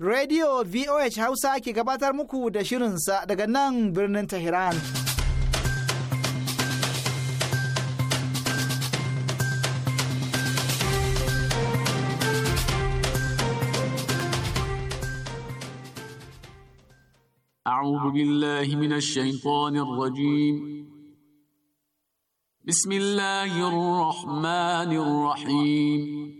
Radio VOH Hausa ke gabatar muku da shirin sa daga nan birnin Tehran. A'udhu billahi minash shaitanir rajim. Bismillahirrahmanirrahim. Bismillahirrahmanirrahim.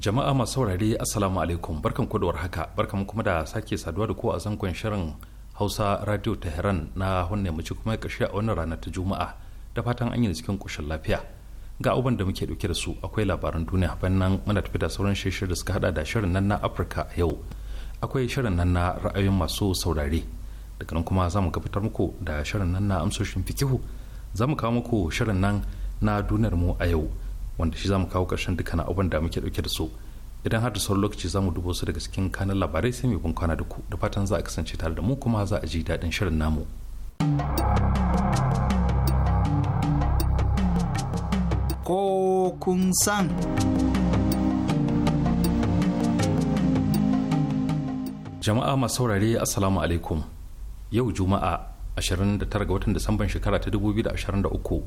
jama'a masu saurare assalamu alaikum barkan ku da haka barkan kuma da sake saduwa da ku a zangon shirin hausa radio tehran na wannan ci kuma karshe a wannan rana ta juma'a da fatan an yi da cikin kushin lafiya ga abubuwan da muke dauke da su akwai labaran duniya bayan muna tafi da sauran shirye da suka hada da shirin nan na afirka a yau akwai shirin nan na ra'ayoyin masu saurare daga nan kuma za mu gabatar muku da shirin nan na amsoshin fikihu za mu kawo muku shirin nan na duniyar mu a yau wanda shi zamu kawo ƙarshen dukkan abin da muke dauke da su idan har da sauran lokaci za mu dubo su daga cikin kanan labarai sai mai bin kwana da ku da fatan za a kasance tare da mu kuma za a ji daɗin shirin namu. Ko kun san. Jama'a masu saurare Assalamu alaikum. Yau Juma'a 29 ga watan Disamban shekara ta 2023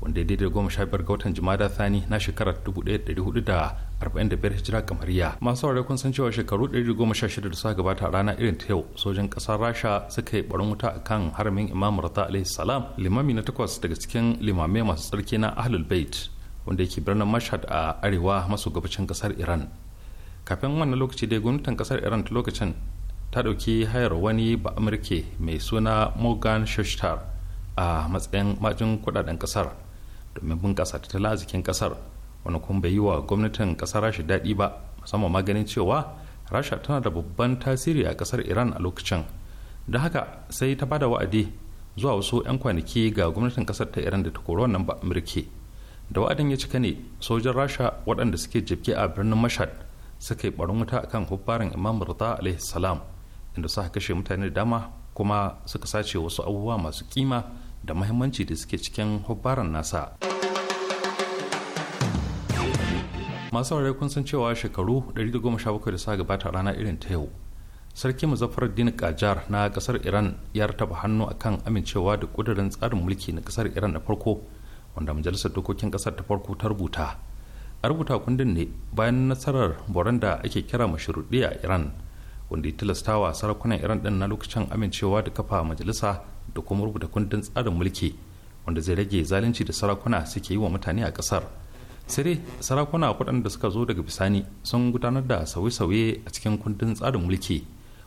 wanda ya daidai goma sha biyar ga watan jumada thani na shekarar 1445 hijira kamariya masu aure kun san cewa shekaru 116 da suka gabata rana irin ta yau sojin ƙasar rasha suka yi barin wuta a kan haramin imam rata alaihi salam limami na takwas daga cikin limamai masu tsarki na ahlul bait wanda yake birnin mashhad a arewa maso gabacin ƙasar iran kafin wannan lokaci dai gwamnatin ƙasar iran ta lokacin ta ɗauki hayar wani ba amurke mai suna morgan shashtar a matsayin majin kudaden kasar domin bunƙasa tattalin arzikin ƙasar wani kuma bai yi wa gwamnatin ƙasar rasha daɗi ba musamman ma ganin cewa rasha tana da babban tasiri a ƙasar iran a lokacin da haka sai ta bada wa'adi zuwa wasu 'yan kwanaki ga gwamnatin ƙasar ta iran da ta kori wannan ba amurke da wa'adin ya cika ne sojan rasha waɗanda suke jibge a birnin mashad suka yi barin wuta akan hubbarin imam murta alaihi salam inda suka kashe mutane da dama kuma suka sace wasu abubuwa masu kima da mahimmanci da suke cikin hubbaran nasa masu saurare kun san cewa shekaru 117 da suka gabata rana irin ta yau sarki dini kajar na kasar iran ya rataba hannu akan amincewa da kudurin tsarin mulki na kasar iran da farko wanda majalisar dokokin kasar ta farko ta rubuta a rubuta kundin ne bayan nasarar boran da ake kira mashirudi a iran wanda ya tilastawa sarakunan iran din na lokacin amincewa da kafa majalisa da kuma rubuta kundin tsarin mulki wanda zai rage zalunci da sarakuna suke yi wa mutane a kasar sai dai sarakuna waɗanda suka zo daga bisani sun gudanar da sauye-sauye a cikin kundin tsarin mulki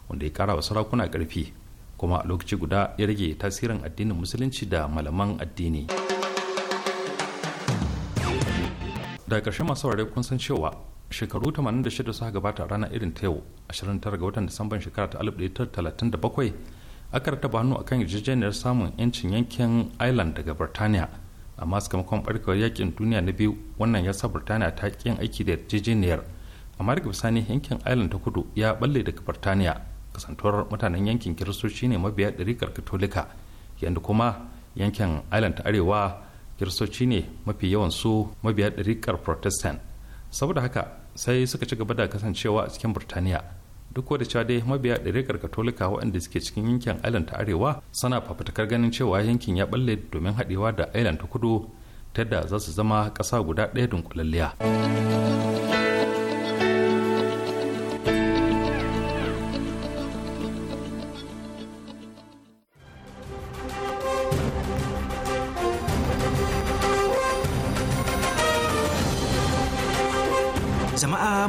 wanda ya ƙara wa sarakuna ƙarfi kuma a lokaci guda ya rage tasirin addinin musulunci da malaman addini daga ƙarshe masu saurare kun san cewa shekaru 86 suka gabata rana irin ta yau 29 ga watan disamban shekara ta 1937 aka rataba hannu akan yarjejeniyar samun 'yancin yankin ireland daga birtaniya amma sakamakon barkar yakin duniya na biyu wannan ya sa birtaniya ta yin aiki da yarjejeniyar amma daga bisani yankin ireland ta kudu ya balle daga birtaniya kasantuwar mutanen yankin kiristoci ne mabiya ɗarikar katolika yadda kuma yankin ireland ta arewa kiristoci ne mafi yawan su mabiya ɗarikar protestant saboda haka sai suka ci gaba da kasancewa a cikin birtaniya duk wadda cewa dai mabiya ɗari katolika waɗanda suke cikin yankin island ta arewa suna fafutukar ganin cewa yankin ya balle domin haɗewa da island ta kudu ta yadda za su zama ƙasa guda ɗaya dunkulalliya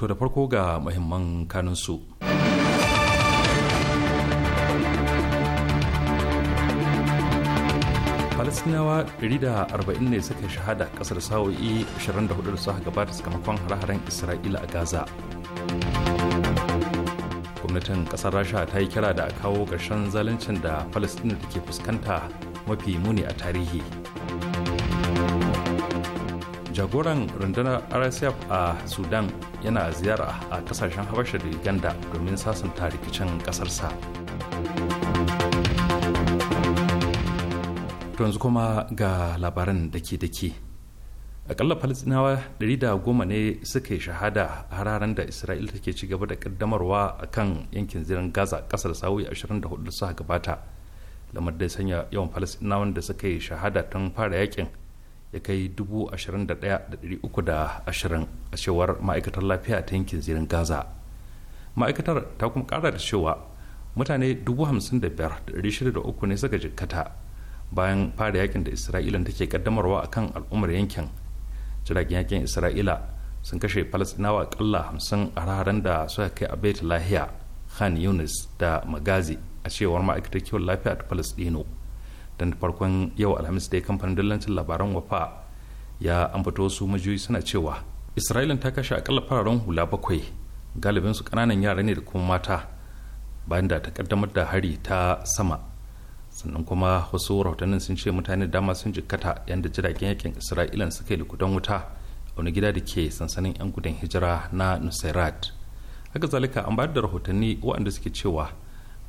To da farko ga muhimman kanunsu. Falasinawa 140 ne suka shahada ƙasar sa'o'i 24 da suka gabata sakamakon hare-haren Isra'ila a Gaza. Gwamnatin ƙasar Rasha ta yi kira da a kawo ƙarshen zaluncin da Falasina da ke fuskanta mafi muni a tarihi. jagoran rundunar rsf a sudan yana ziyara a kasashen habasha da uganda domin sasanta rikicin kasarsa yanzu kuma ga labaran dake-dake akalla falisinawa 110 ne suka yi shahada a hararen da isra'il take ci gaba da kaddamarwa a kan yankin zirin gaza kasar sa'o'i 24 suka gabata lamar da sanya yawan falistinawan da suka yi shahada tun fara yakin ya kai 21,320 a cewar ma'aikatar lafiya ta yankin zirin gaza ma'aikatar ta kuma kara da cewa mutane 55,603 ne suka jikkata bayan fara yakin da isra'ila take kaddamarwa a kan al'ummar yankin jiragen yakin isra'ila sun kashe falasinawa akalla 50 a raharen da suka kai a bait lahiya khan yunis da magazi a cewar ma'aikatar kiwon lafiya ta falasdino don farkon yau alhamis da kamfanin dillancin labaran wafa ya ambato su majiyoyi suna cewa isra'ila ta kashe akalla fararen hula bakwai galibin su kananan yara ne da kuma mata bayan da ta kaddamar da hari ta sama sannan kuma wasu rahotannin sun ce mutane dama sun jikkata yadda jiragen yakin isra'ila suka yi likudan wuta a wani gida da ke sansanin 'yan gudun hijira na nusairat haka zalika an bayar da rahotanni waɗanda suke cewa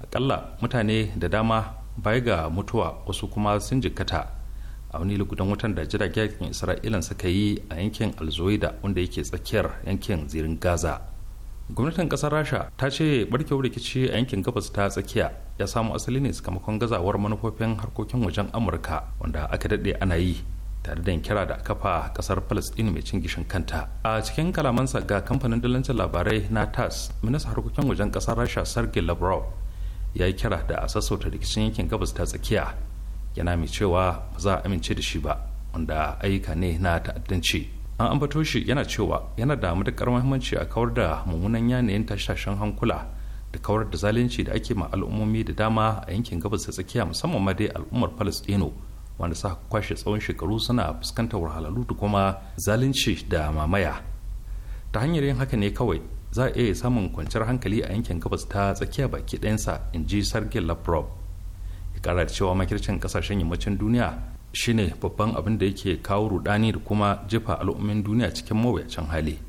akalla mutane da dama baya ga mutuwa wasu kuma sun jikkata a wani lokutan wutan da jiragen isra'ilan suka yi a yankin alzoida wanda yake tsakiyar yankin zirin gaza gwamnatin kasar rasha ta ce barkewar rikici a yankin gabas ta tsakiya ya samu asali ne sakamakon gazawar manufofin harkokin wajen amurka wanda aka daɗe ana yi tare da kira da kafa kasar palestine mai cin gishin kanta a cikin kalamansa ga kamfanin dalancin labarai na tas minista harkokin wajen kasar rasha sergei lavrov ya yi kira da a sassauta rikicin yankin gabas ta tsakiya yana mai cewa ba za a amince da shi ba wanda ayyuka ne na ta'addanci an ambato shi yana cewa yana da matuƙar muhimmanci a kawar da mummunan yanayin tashashen hankula da kawar da zalunci da ake ma al'ummomi da dama a yankin gabas ta tsakiya musamman ma dai al'ummar palestino wanda sa kwashe tsawon shekaru suna fuskantar wahalhalu da kuma zalunci da mamaya ta hanyar yin haka ne kawai za a iya samun kwanciyar hankali a yankin gabas ta tsakiya baki ɗayansa in ji sargin lavrov ya kara da cewa makircin kasashen yammacin duniya shine babban abin da yake kawo rudani da kuma jefa al'ummin duniya cikin mawuyacin hali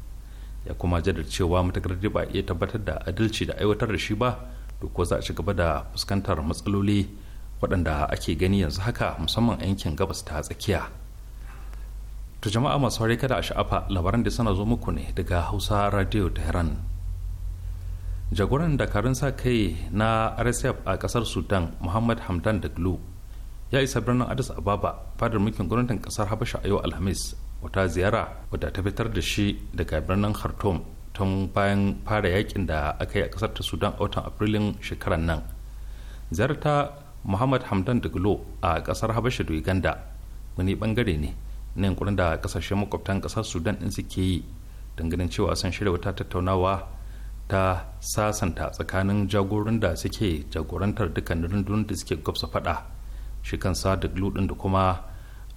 ya kuma jadar cewa matakar ba iya tabbatar da adalci da aiwatar da shi ba duk ko za a ci gaba da fuskantar matsaloli waɗanda ake gani yanzu haka musamman a yankin gabas ta tsakiya To jama'a masu haure kada a sha'afa labaran da sana zo muku ne daga Hausa Radio Tehran. Jagoran dakarun sa kai na RSF a kasar Sudan Muhammad Hamdan da glo ya isa birnin Addis Ababa fadar mulkin gwamnatin kasar Habasha a yau Alhamis wata ziyara wadda ta fitar da shi daga birnin Khartoum tun bayan fara yakin da aka yi a kasar ta Sudan a watan Afrilun shekarar nan. Ziyarta Muhammad Hamdan da Daglo a kasar Habasha da Uganda wani bangare ne na yankunan da kasashen makwabtan kasar sudan din suke yi dangane cewa sun shirya wata tattaunawa ta sasanta tsakanin jagoran da suke jagorantar dukkanin rundunar da suke gwabsa fada shi kansa da gludin da kuma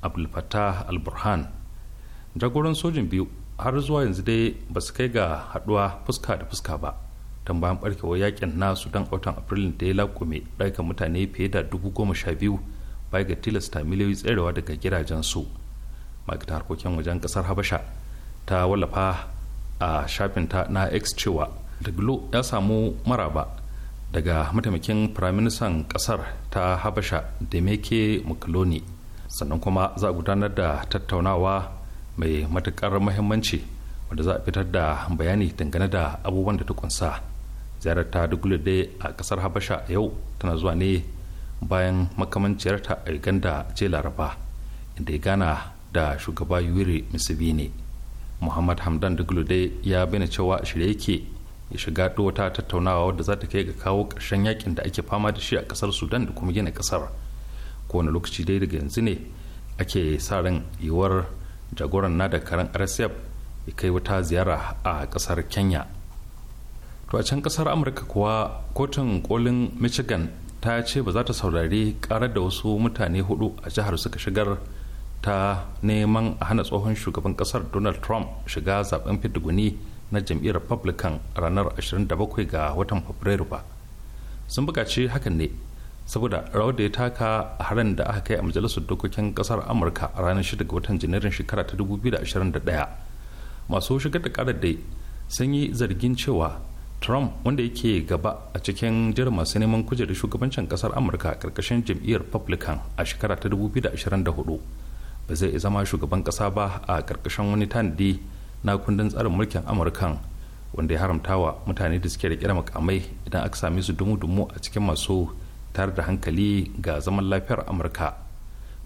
abulfata alburhan jagoran sojin biyu har zuwa yanzu dai ba su kai ga haduwa fuska da fuska ba don bayan barkewar yakin na sudan watan april da ya lakume rayukan mutane fiye da dubu goma sha biyu baya ga tilasta miliyoyi tserewa daga gidajen su. ma'aikatar harkokin wajen kasar habasha ta wallafa a shafinta na x cewa daglo ya samu maraba daga mataimakin firaministan kasar ta habasha meke mukuloni sannan kuma za a gudanar da tattaunawa mai matukar mahimmanci wanda za a fitar da bayani dangane da abubuwan da ta kunsa ziyarar ta dai a kasar habasha yau tana zuwa ne bayan makamanciyarta a uganda ce laraba inda ya gana da shugaba yuri museveni muhammad hamdan dai ya bayyana cewa a shirye yake ya shiga wata tattaunawa wadda za ta kai ga kawo karshen yakin da ake fama da shi a ƙasar sudan da kuma gina ƙasar kowane lokaci dai daga yanzu ne ake sa ran yiwuwar jagoran na da karan rsf ya kai wata ziyara a ƙasar kenya to a can ƙasar amurka kuwa kotun kolin michigan ta ce ba za ta saurari karar da wasu mutane hudu a jihar suka shigar ta neman a hana tsohon shugaban kasar donald trump shiga zaben fitiguni na jam'iyyar republican ranar 27 ga watan fabrairu ba sun bukaci hakan ne saboda rawar da ya taka a harin da aka kai a majalisar dokokin kasar amurka a ranar 6 ga watan janairun shekara ta 2021 masu shigar da karar dai sun yi zargin cewa trump wanda yake gaba a cikin jirin masu neman kujerar shugabancin kasar amurka karkashin jam'iyyar republican a shekara ta 2024 ba zai zama shugaban kasa ba a karkashin wani tanadi na kundin tsarin mulkin amurkan wanda ya haramta wa mutane da suke da makamai idan aka sami su dumu-dumu a cikin masu tare da hankali ga zaman lafiyar amurka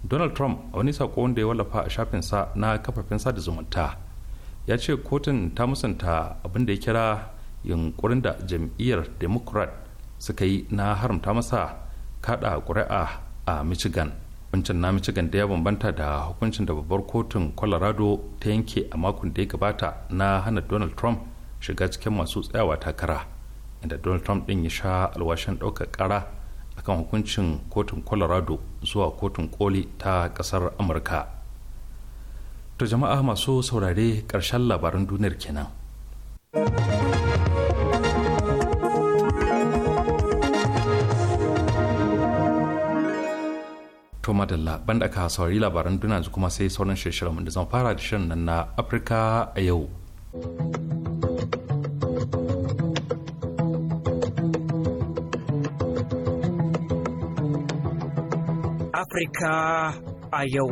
donald trump a wani sako wanda ya wallafa a shafinsa na kafafen sada zumunta ya ce kotun ta musanta abin da ya kira yunkurin da jam'iyyar democrat suka yi na haramta masa kada ƙuri'a a michigan hukuncin na michigan da ya bambanta da hukuncin da babbar kotun colorado ta yanke a makon da ya gabata na hana donald trump shiga cikin masu tsayawa takara inda donald trump din ya sha alwashin ɗaukar ƙara kan hukuncin kotun colorado zuwa kotun koli ta ƙasar amurka to jama'a masu saurare ƙarshen labaran duniyar kenan. to madalla ban da ka saurari labaran duna kuma sai sauran shirin da zan fara da shirin nan na afirka a yau Afirka a yau.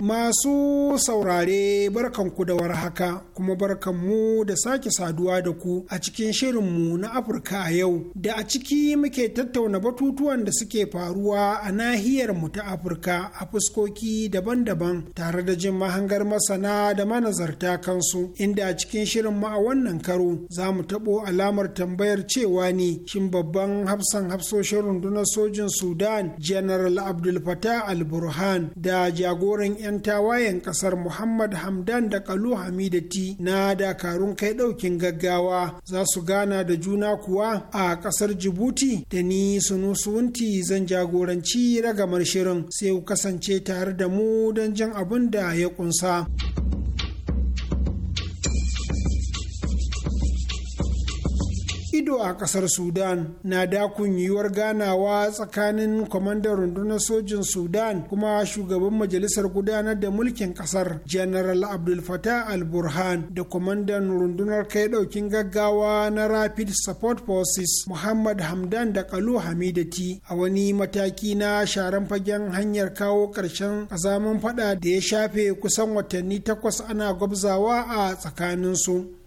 Masu saurare barkanku da war haka kuma barkanmu da sake saduwa da ku a cikin shirin mu na Afirka a yau da a ciki muke tattauna batutuwan da suke faruwa a nahiyar mu ta Afirka a fuskoki daban-daban tare da jin mahangar masana da manazarta kansu inda a cikin shirinmu a wannan karo za mu taɓo alamar tambayar cewa ne shin babban hafsan hafsoshin rundunar sojin Sudan General Abdul Fattah al-Burhan da jagoran 'yan tawayen kasar muhammad hamdan da kalu hamidati na dakarun kai ɗaukin gaggawa za su gana da juna kuwa a kasar jibuti da ni sunusuwunti zan jagoranci ragamar shirin sai ku kasance tare da mu don jan abin da ya kunsa. ido a kasar sudan na dakun yiwuwar ganawa tsakanin kwamandan rundunar sojin sudan kuma shugaban majalisar gudanar da mulkin kasar general abdul fatah al-burhan da kwamandan rundunar kai daukin gaggawa na rapid support forces muhammad hamdan da kalu hamidati a wani mataki na sharan fagen hanyar kawo ƙarshen azaman fada da ya shafe kusan watanni takwas ana gwabzawa a tsakanin su.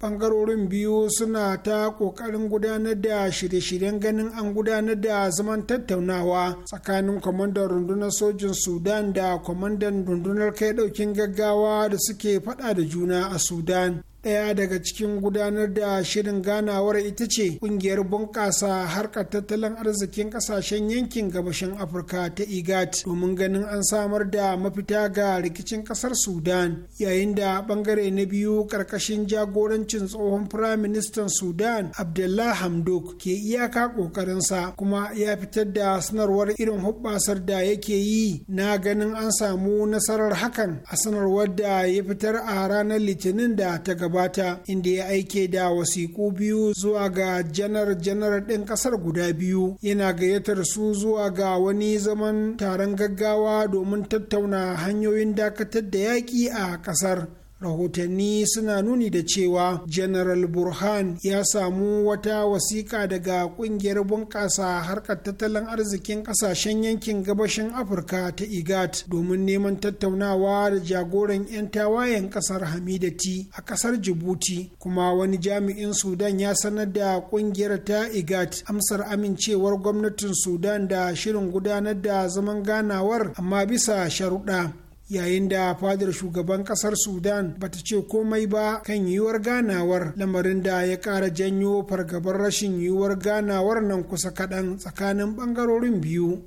bangarorin biyu suna ta kokarin gudanar da shirye-shiryen ganin an gudanar da zaman tattaunawa tsakanin kwamandan rundunar sojin sudan da kwamandan rundunar kai daukin gaggawa da suke fada da juna a sudan daya daga cikin gudanar da shirin ganawar ita ce kungiyar bunƙasa harkar tattalin arzikin ƙasashen yankin gabashin afirka ta igat domin ganin an samar da mafita ga rikicin ƙasar sudan yayin da ɓangare na biyu ƙarƙashin jagorancin tsohon firaministan sudan abdullah hamdok ke iyaka ƙoƙarinsa kuma ya fitar da sanarwar irin hubbasar da yake yi na ganin an samu nasarar hakan a sanarwar da ya fitar a ranar litinin da ta gaba gabata inda ya aike da wasiƙu biyu zuwa ga janar janar ɗin ƙasar guda biyu yana gayyatar su zuwa ga wani zaman taron gaggawa domin tattauna hanyoyin dakatar da yaƙi a ƙasar rahotanni suna nuni da cewa general burhan ya samu wata wasiƙa daga ƙungiyar bunƙasa harkar tattalin arzikin ƙasashen yankin gabashin afirka ta igat domin neman tattaunawa da jagoran 'yan tawayen ƙasar hamidati a ƙasar jibuti kuma wani jami'in sudan ya sanar da ƙungiyar ta igat amsar amincewar gwamnatin sudan da shirin gudanar da zaman ganawar amma bisa sharuɗa yayin da fadar shugaban kasar sudan bata ce komai ba kan yiwuwar ganawar lamarin da ya kara janyo fargabar rashin yiwuwar ganawar nan kusa kaɗan tsakanin ɓangarorin biyu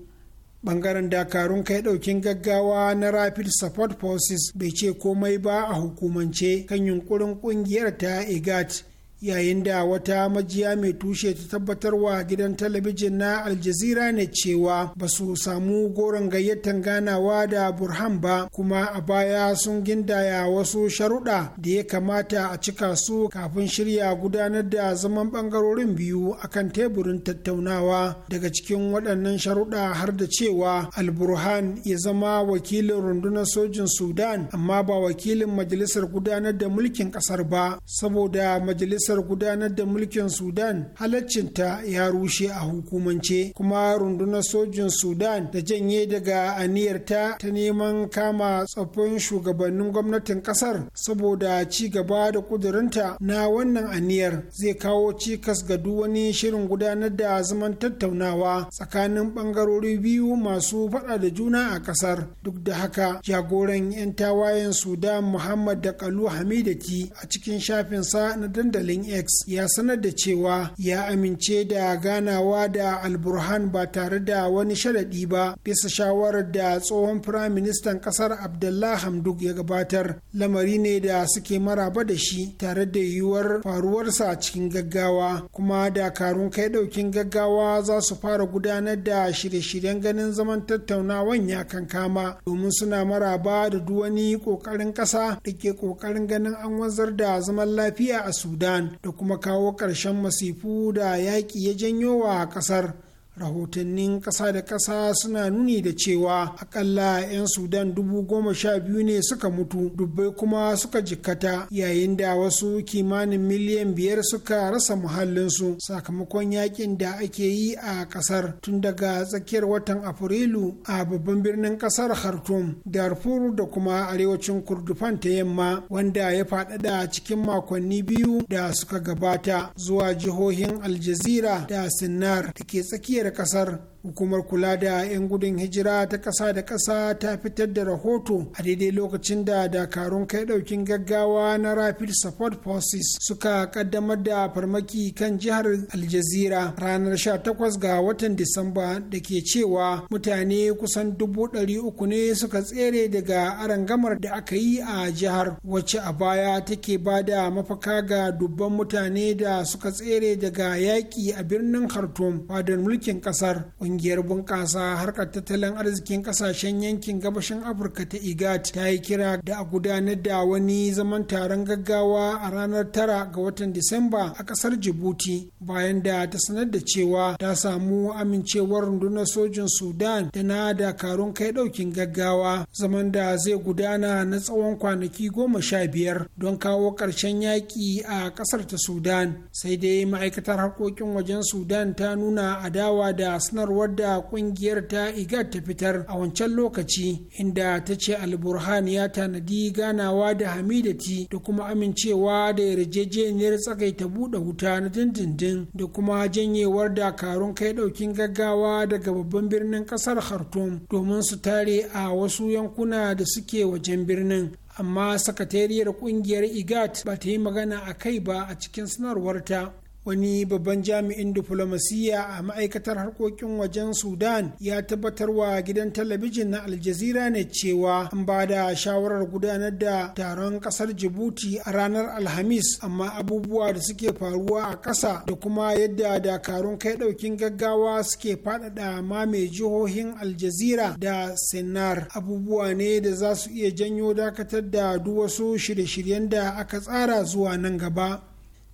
bangaren dakarun kai daukin gaggawa na rapid support forces bai ce komai ba a hukumance kan yunkurin kungiyar ta egat yayin da wata majiya mai tushe ta tabbatarwa gidan talabijin na aljazira ne cewa ba su samu goron gayyatar ganawa da burhan ba kuma a baya sun gindaya wasu sharuɗa da ya kamata a cika su kafin shirya gudanar da zaman bangarorin biyu a kan teburin tattaunawa daga cikin waɗannan sharuɗa har da cewa alburhan ya zama wakilin rundunar sojin sudan amma ba wakilin majalisar gudanar da mulkin ƙasar ba saboda majalisar majalisar gudanar da mulkin sudan halaccinta ya rushe a hukumance kuma rundunar sojin sudan da janye daga aniyarta ta neman kama tsoffin shugabannin gwamnatin kasar saboda ci gaba da kudurinta na wannan aniyar zai kawo cikas ga duk wani shirin gudanar da zaman tattaunawa tsakanin bangarori biyu masu faɗa da juna a kasar duk da haka jagoran 'yan tawayen sudan muhammad da kalu hamidati a cikin shafinsa na dandalin nx x ya sanar da cewa ya amince da ganawa da alburhan ba tare da wani sharaɗi ba bisa shawarar da tsohon firaministan ƙasar abdullah hamduk ya gabatar lamari ne da suke maraba da shi tare da yiwuwar faruwarsa cikin gaggawa kuma dakarun kai ɗaukin gaggawa za su fara gudanar da shirye-shiryen ganin zaman tattaunawan ya kankama domin suna maraba da duwani wani ƙoƙarin ƙasa da ke ƙoƙarin ganin an wanzar da zaman lafiya a sudan da kuma kawo ƙarshen masifu da yaƙi ya janyo wa ƙasar rahotannin ƙasa da ƙasa suna nuni da cewa akalla 'yan sudan dubu goma sha biyu ne suka mutu dubbai kuma suka jikkata yayin da wasu kimanin miliyan biyar suka rasa muhallinsu sakamakon yakin da ake yi a ƙasar tun daga tsakiyar watan afrilu a babban birnin ƙasar khartoum darfur da kuma arewacin kurdufan ta yamma wanda ya faɗaɗa cikin makonni biyu da suka gabata zuwa jihohin aljazira da sinnar da ke tsakiyar casar hukumar kula da 'yan gudun hijira ta ƙasa da ƙasa ta fitar da rahoto a daidai lokacin da dakarun kai ɗaukin gaggawa na rapid support forces suka ƙaddamar da farmaki kan jihar aljazira ranar 18 ga watan disamba da ke cewa mutane kusan dubu ɗari uku ne suka tsere daga arangamar da aka yi a jihar wacce a baya take ba da mafaka ga dubban mutane da suka tsere daga yaƙi a birnin khartoum fadar mulkin ƙasar Ƙungiyar bunƙasa harkar tattalin arzikin ƙasashen yankin gabashin Afirka ta IGAD ta yi kira da a gudanar da wani zaman taron gaggawa a ranar tara ga watan Disamba a kasar Jibuti bayan da ta sanar da cewa ta samu amincewar rundunar sojin Sudan da na dakarun kai ɗaukin gaggawa zaman da zai gudana na tsawon kwanaki goma sha biyar don kawo ƙarshen yaƙi a ƙasar ta Sudan sai dai ma'aikatar harkokin wajen Sudan ta nuna adawa da sanarwar sanarwar da kungiyar ta igat ta fitar a wancan lokaci inda ta ce alburhan ya tanadi ganawa da hamidati da kuma amincewa da yarjejeniyar tsakaita buɗe wuta na dindindin da kuma janyewar dakarun kai ɗaukin gaggawa daga babban birnin ƙasar khartoum domin su tare a wasu yankuna da suke wajen birnin amma sakatariyar kungiyar igat ba ta yi magana a kai ba a cikin sanarwarta wani babban jami'in diflomasiyya a ma'aikatar harkokin wajen sudan ya tabbatar wa gidan talabijin na aljazira ne cewa an ba da shawarar gudanar da taron kasar jibuti a ranar alhamis amma abubuwa da suke faruwa a ƙasa da kuma yadda dakarun kai ɗaukin gaggawa suke faɗaɗa mai jihohin aljazira da sinar abubuwa ne da za su iya janyo dakatar da duk wasu shirye-shiryen da aka tsara zuwa nan gaba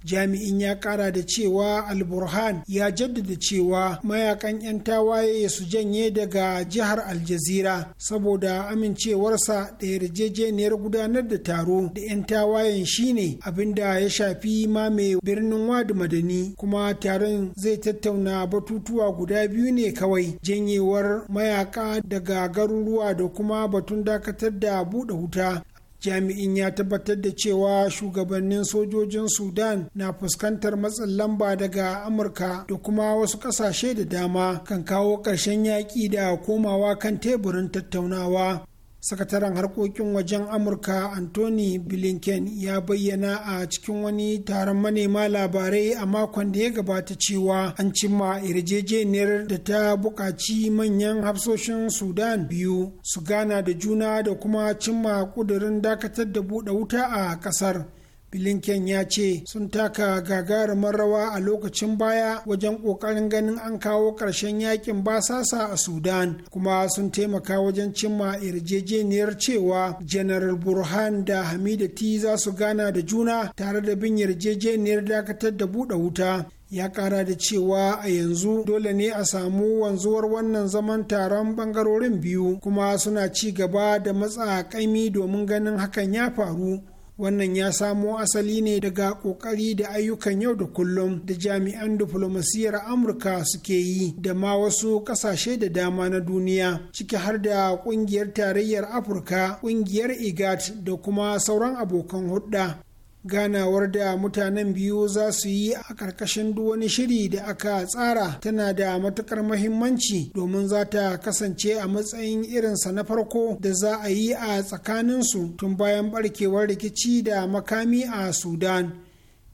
jami'in ya kara da cewa alburhan ya jaddada cewa mayakan 'yan tawaye su janye daga jihar aljazira saboda amincewarsa da yarjejeniyar gudanar da taro da 'yan tawayen shine abinda ya shafi ma mai birnin wadi madani kuma taron zai tattauna batutuwa guda biyu ne kawai janyewar mayaka daga garuruwa da kuma batun dakatar da buɗe wuta jami'in ya tabbatar da cewa shugabannin sojojin sudan na fuskantar matsin lamba daga amurka da kuma wasu kasashe da dama kan kawo ƙarshen yaƙi da komawa kan teburin tattaunawa sakataren harkokin wajen amurka anthony blinken ya bayyana a cikin wani taron manema labarai a makon da ya gabata cewa an cimma yarjejeniyar da ta buƙaci manyan hafsoshin sudan biyu su gana da juna da kuma cimma ƙudurin dakatar da buɗe wuta a ƙasar blinken ya ce sun taka gagarumar rawa a lokacin baya wajen ƙoƙarin ganin an kawo ƙarshen yakin basasa a sudan kuma sun taimaka wajen cimma yarjejeniyar cewa janar burhan da hamidati za su gana da juna tare da bin yarjejeniyar dakatar da buɗe wuta ya kara da cewa a yanzu dole ne a samu wanzuwar wannan zaman taron bangarorin biyu kuma suna ci gaba da matsa kaimi domin ganin hakan ya faru wannan ya samo asali ne daga kokari da ayyukan yau da kullum da jami'an diflomasiyyar amurka suke yi da ma wasu kasashe da dama na duniya ciki har da kungiyar tarayyar afirka kungiyar igat da kuma sauran abokan hulɗa ganawar da mutanen biyu za su yi a ƙarƙashin duk wani shiri da aka tsara tana da matuƙar mahimmanci domin za ta kasance a matsayin irinsa na farko da za a yi a tsakaninsu tun bayan barkewar rikici da makami a sudan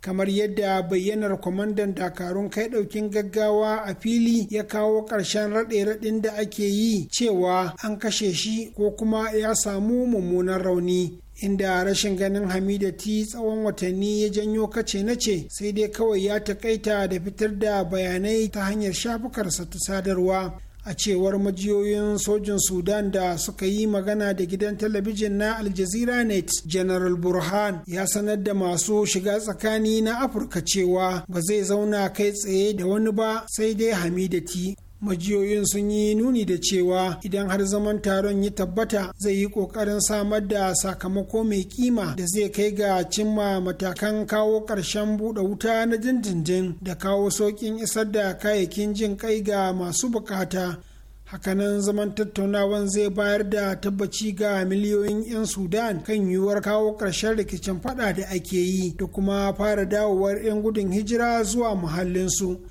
kamar yadda bayyanar kwamandan dakarun kai ɗaukin gaggawa a fili ya kawo ƙarshen raɗe-raɗin da ake yi cewa an kashe shi ko kuma ya samu mummunan rauni inda rashin ganin hamida ti tsawon watanni ya janyo kace na ce sai dai kawai ya takaita da fitar da bayanai ta hanyar shafukarsa ta sadarwa a cewar majiyoyin sojin sudan da suka yi magana da gidan talabijin na aljazeera net general burhan ya sanar da masu shiga tsakani na afirka cewa ba zai zauna kai tsaye da wani ba sai dai hamidati majiyoyin sun yi nuni da cewa idan har zaman taron ya tabbata zai yi kokarin samar da sakamako mai kima da zai kai ga cimma matakan kawo ƙarshen buɗe wuta na dindindin da kawo sauƙin isar da kayayyakin jin kai ga masu bukata hakanan zaman tattaunawan zai bayar da tabbaci ga miliyoyin 'yan sudan kan yiwuwar kawo karshen rikicin fada da ake yi da kuma fara dawowar 'yan gudun hijira zuwa muhallinsu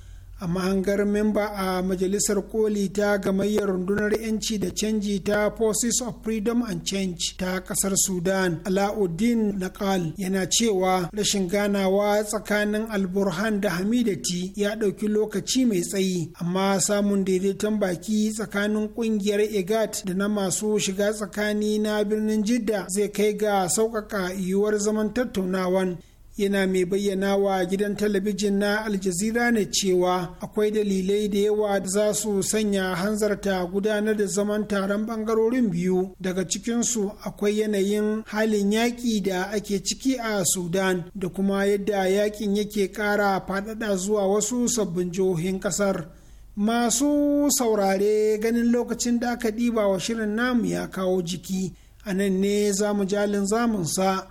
a mahangar memba a majalisar koli ta gamayyar rundunar 'yanci da canji ta forces of freedom and change ta kasar sudan alauddin Naqal yana cewa rashin ganawa tsakanin alburhan da hamidati ya ɗauki lokaci mai tsayi amma samun daidaiton baki tsakanin ƙungiyar egat da na masu shiga tsakani na birnin jidda zai kai ga sauƙaƙa yiwuwar zaman tattaunawan yana mai bayyana wa gidan talabijin na aljazira ne cewa akwai dalilai da yawa da za su sanya hanzarta gudanar da zaman taron bangarorin biyu daga cikinsu akwai yanayin halin yaƙi da ake ciki a sudan da kuma yadda yaƙin yake ƙara faɗaɗa zuwa wasu sabbin jihohin ƙasar masu saurare ganin lokacin da aka ɗiba wa shirin namu ya kawo jiki a nan ne zamu jalin zamunsa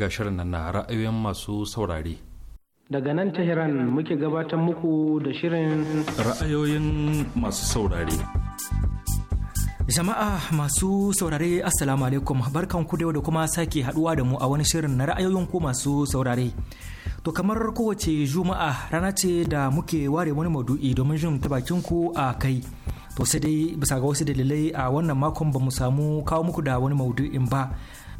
ga shirin nan na ra'ayoyin masu saurare. Daga nan Tehran muke gabatar muku da shirin ra'ayoyin masu saurare. Jama'a masu saurare Assalamu alaikum barkan ku da kuma sake haduwa da mu a wani shirin na ra'ayoyin ku masu saurare. To kamar kowace juma'a rana ce da muke ware wani maudu'i domin jin ta bakin ku a kai. To sai dai bisa ga wasu dalilai a wannan makon ba mu samu kawo muku da wani maudu'in ba.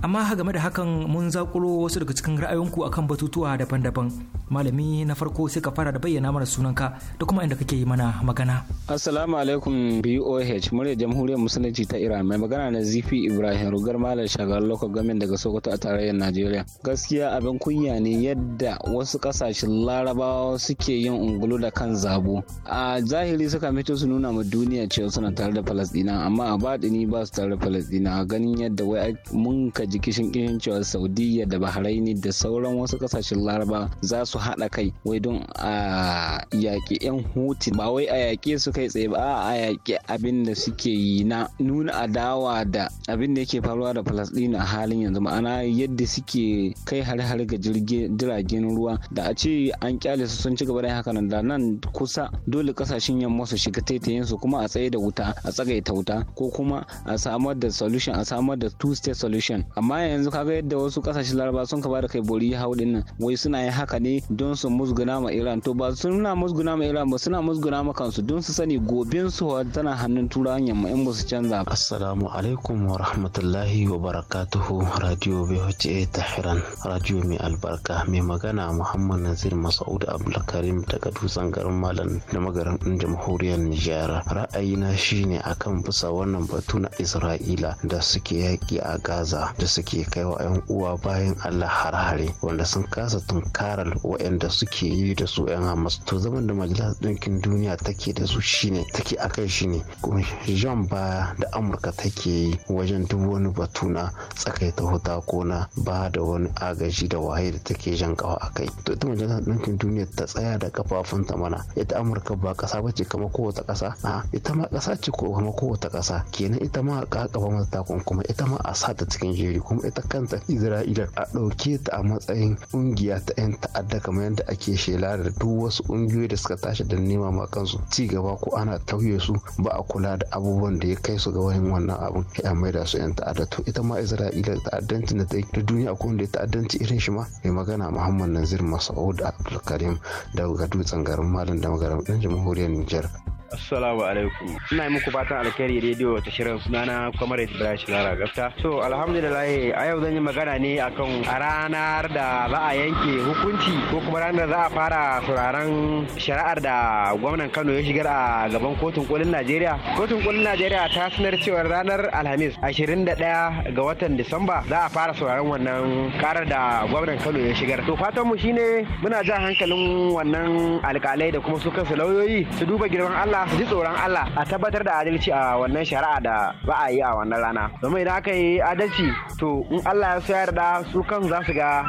amma game da hakan mun zakuro wasu daga cikin ra'ayinku akan batutuwa daban-daban malami na farko sai ka fara da bayyana mana sunanka da kuma inda kake yi mana magana assalamu alaikum boh murya jamhuriyar musulunci ta iran mai magana na zifi ibrahim rugar malam shagar local government daga sokoto a tarayyar najeriya gaskiya abin kunya ne yadda wasu kasashen larabawa suke yin ungulu da kan zabo a zahiri suka mito su nuna ma duniya cewa suna tare da falasdina amma a baɗini ba su tare da falasdina a ganin yadda wai mun ka Jikishin ji cewa saudiya da bahraini da sauran wasu kasashen laraba za su haɗa kai wai don a yaƙi 'yan hutu ba wai a yaƙe su kai tsaye ba a yaƙi abin da suke yi na nuna adawa da abin da yake faruwa da falasɗina a halin yanzu ma'ana yadda suke kai har-har ga jiragen ruwa da a ce an kyale su sun ci gaba da haka nan da nan kusa dole kasashen yamma su shiga taitayin su kuma a tsaye da wuta a tsagaita wuta ko kuma a samar da solution a samar da two state solution amma yanzu kaga yadda wasu kasashen laraba sun ka da kai bori hau din nan wai suna yin haka ne don su musguna ma iran to ba suna musguna ma iran ba suna musguna ma kansu don su sani gobin su tana hannun turawan yamma in ba su canza ba assalamu alaikum wa rahmatullahi wa barakatuhu radio bhca tahiran radio mai albarka mai magana muhammad nazir masaud abdulkarim daga dutsen garin malam da magarin din jamhuriyar nijar ra'ayina shine akan bisa wannan batu na isra'ila da suke yaki a gaza da suke wa 'yan uwa bayan Allah har-hare wanda sun kasa tunkarar waɗanda suke yi da su 'yan Hamas to zaman da majalisar ɗinkin duniya take da su shine take shi shine kuma jan baya da Amurka take yi wajen duk wani batu na tsakaita huta ko na ba da wani agaji da wahayi da take jan kawa kai to ita majalisar ɗinkin duniya ta tsaya da kafafun ta mana ita Amurka ba ƙasa bace kamar kowace ƙasa a ita ma ƙasa ce ko kamar kowace ƙasa kenan ita ma a kafa mata kuma ita ma a sa cikin jiri isra'ila kuma ita kanta isra'ila a ɗauke ta a matsayin ƙungiya ta 'yan ta'adda kamar yadda ake shela da duk wasu ƙungiyoyi da suka tashi da nema ma kansu ci gaba ko ana tauye su ba a kula da abubuwan da ya kai su ga wani wannan abin ya maida su 'yan ta'adda to ita ma isra'ila ta'addanci da ta yi da duniya akwai wanda ya ta'addanci irin shi ma mai magana muhammad nazir masaud abdulkarim daga dutsen garin malam da magaram ɗan jamhuriyar nijar. Assalamu alaikum. Ina muku fatan alkhairi rediyo ta shirin sunana Comrade Ibrahim Lara Gafta. To alhamdulillah a yau zan yi magana ne akan ranar da za a yanke hukunci ko kuma ranar da za a fara turaren shari'ar da gwamnan Kano ya shigar a gaban kotun kolin Najeriya. Kotun kolin Najeriya ta sanar cewa ranar Alhamis 21 ga watan Disamba za a fara sauraron wannan karar da gwamnan Kano ya shigar. To fatanmu shine muna jan hankalin wannan alkalai da kuma su kansu lauyoyi su duba girman Allah Allah su ji tsoron Allah a tabbatar da adalci a wannan shari'a da ba a yi a wannan rana domin idan aka yi adalci to in Allah ya sayar da su kan za su ga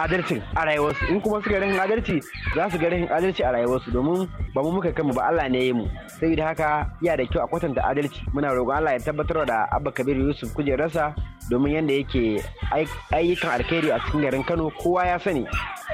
adalcin a rayuwarsu in kuma suka rahin adalci za su ga rahin adalci a rayuwarsu domin ba mu muka kanmu ba Allah ne ya yi mu sai da haka iya da kyau a kwatanta adalci muna roƙon Allah ya tabbatar da Abba Kabir Yusuf kujerarsa domin yadda yake ayyukan alkhairi a cikin garin Kano kowa ya sani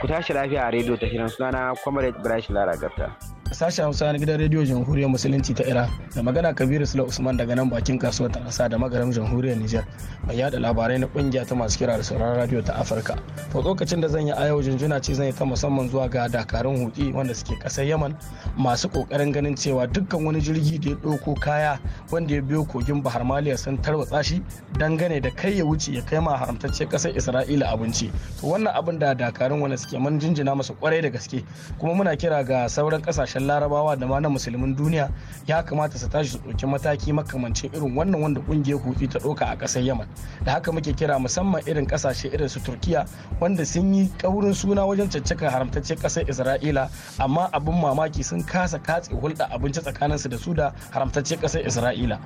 ku tashi lafiya a rediyo ta shirin sunana Comrade Ibrahim Lara Gafta. sashen hausa na gidan rediyo jamhuriyar musulunci ta ira da magana kabiru sula usman daga nan bakin kasuwar tarasa da magaram jamhuriyar nijar mai yada labarai na kungiya ta masu kira da sauran radio ta afirka to lokacin da zan yi ayau jinjina ce zan yi ta musamman zuwa ga dakarun hutsi wanda suke kasar yaman masu kokarin ganin cewa dukkan wani jirgi da ya ɗauko kaya wanda ya biyo kogin bahar maliya sun tarwatsa shi dangane da kai ya wuce ya kai ma haramtacce kasar isra'ila abinci to wannan abin da dakarun wanda suke man jinjina masa kwarai da gaske kuma muna kira ga sauran kasashen larabawa da ma na musulmin duniya ya kamata su tashi su ɗauki mataki makamancin irin wannan wanda kungiyar hutsi ta ɗauka a ƙasar yaman da haka muke kira musamman irin ƙasashe irin su turkiya wanda sun yi ƙaurin suna wajen caccakar haramtacce ƙasar isra'ila amma abin mamaki sun kasa katse hulɗa abinci tsakaninsu da su da haramtacce ƙasar isra'ila